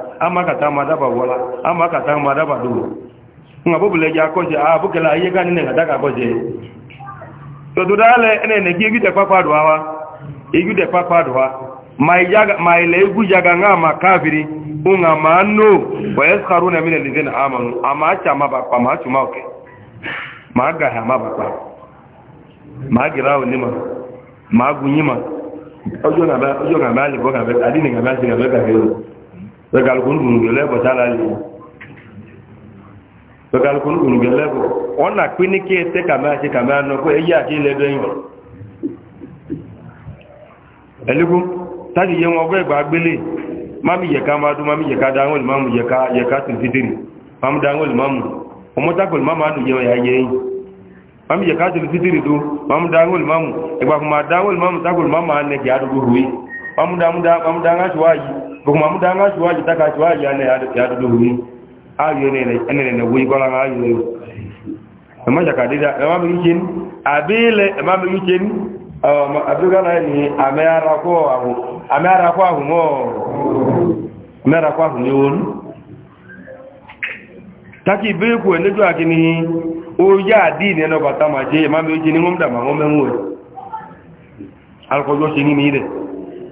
amakata madaba wala amakata madaba duro nga bobule ja koje a ah, bukela aye gani ne daga koje to dudale ene ne gi gide papa duwa igide papa duwa mai jaga mai legu jaga nga makafiri unga manu wa yaskharuna min alladhina amanu ama cha maba kwa ma chuma oke maga ha maba kwa magirawo nima magunyima ojo na ba ojo na ba le boga be adini ga ba se ga be ga pẹ̀kàlùkùn gbùnùgbùn lẹ́bọ̀ sálà lè pẹ̀kàlùkùn gbùnùgbùn lẹ́bọ̀ wọ́n nà pín ní kí ẹ tẹ́ kàmẹ́ àti kàmẹ́ àná pé èyí àti ilẹ̀dọ̀ yìí ẹ̀lẹ́gùn táti yẹ wọn ọgbẹ́ ìgbà gbélé mámi yẹ̀ká mami. dún mámi yẹ̀ká dáhùn lè máàmù yẹ̀ká yẹ̀ká tún fídírì máàmù dáhùn lè máàmù ọmọ tákùn máàmù àdùn yẹ ọ̀yà yẹ yìí máàmù yẹ̀ká tún bukuma mu danga juwaji taka juwaji ane ya dudu hunu ayo ne ne ne wuyi kola ayo ne amma jaka dida amma bi kin abile amma bi kin abuga na ni amera ko ahu amera ko ahu mo ni o ya di ne no bata ma je amma bi kin ngum da ma ngum ngum alko jo singi ni de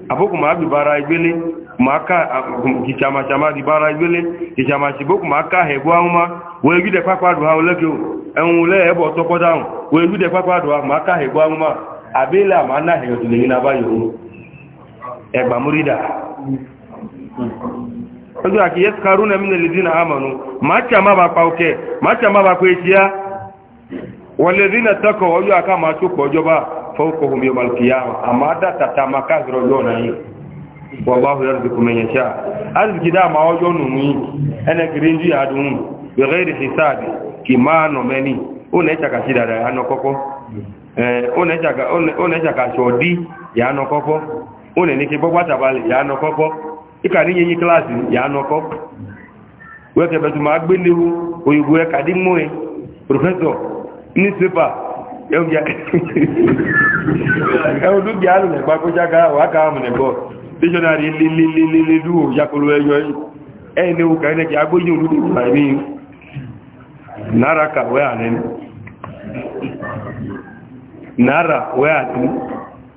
abukuma abibara igbele Maka kichama chama di bara yule kichama chibo maka hebo anuma we yude papa do hawo leke en ule ebo to ko we yude papa do maka hebo anuma abela mana he yodule ni nabayo egba murida ojo aki yaskaruna min alladhina amanu macha ma ba pa oke macha ma ba ko etia walladhina taqaw ojo aka ma tu ko joba fawqahum yawm alqiyamah amada tatamaka gro yona wallahu yarzuqu man yasha arziki da ma ojo nunu ene girinji adun bi ghairi hisabi kimano da ano koko eh ona echa ka ona echa ka ya ya betu ma gbe lewu oyugbo e kadi mo e professor ni sepa ewu ya ewu du bi alu ne gba ko jaga ka dictionary lílílílí dúró yakolo ẹyọ e ẹni e òkà ẹni kí e agbójú olú ní ìgbà ní nára kàwẹ́ àlẹ́ni nára wẹ́ àti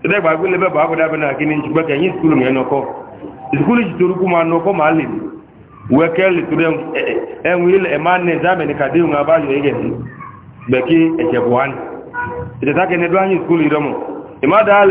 ẹgbẹ́ agbélé bẹ́ẹ̀ bá kọ́dá bẹ́ẹ̀ náà kí ní ṣùgbọ́n kẹ́yìn skúlù yẹn nọkọ́ skúlù ti torí kú máa nọkọ́ máa lè wẹ́kẹ́ lè torí ẹ̀wọ̀n ilẹ̀ ẹ̀ máa nẹ̀ záàmẹ̀ ní kàdé òun abáyọ̀ ẹ̀yẹ̀ sí bẹ́ẹ̀ kí ẹ̀jẹ̀ bọ̀ wá ní ìtẹ̀sákẹ́ ní ẹdọ́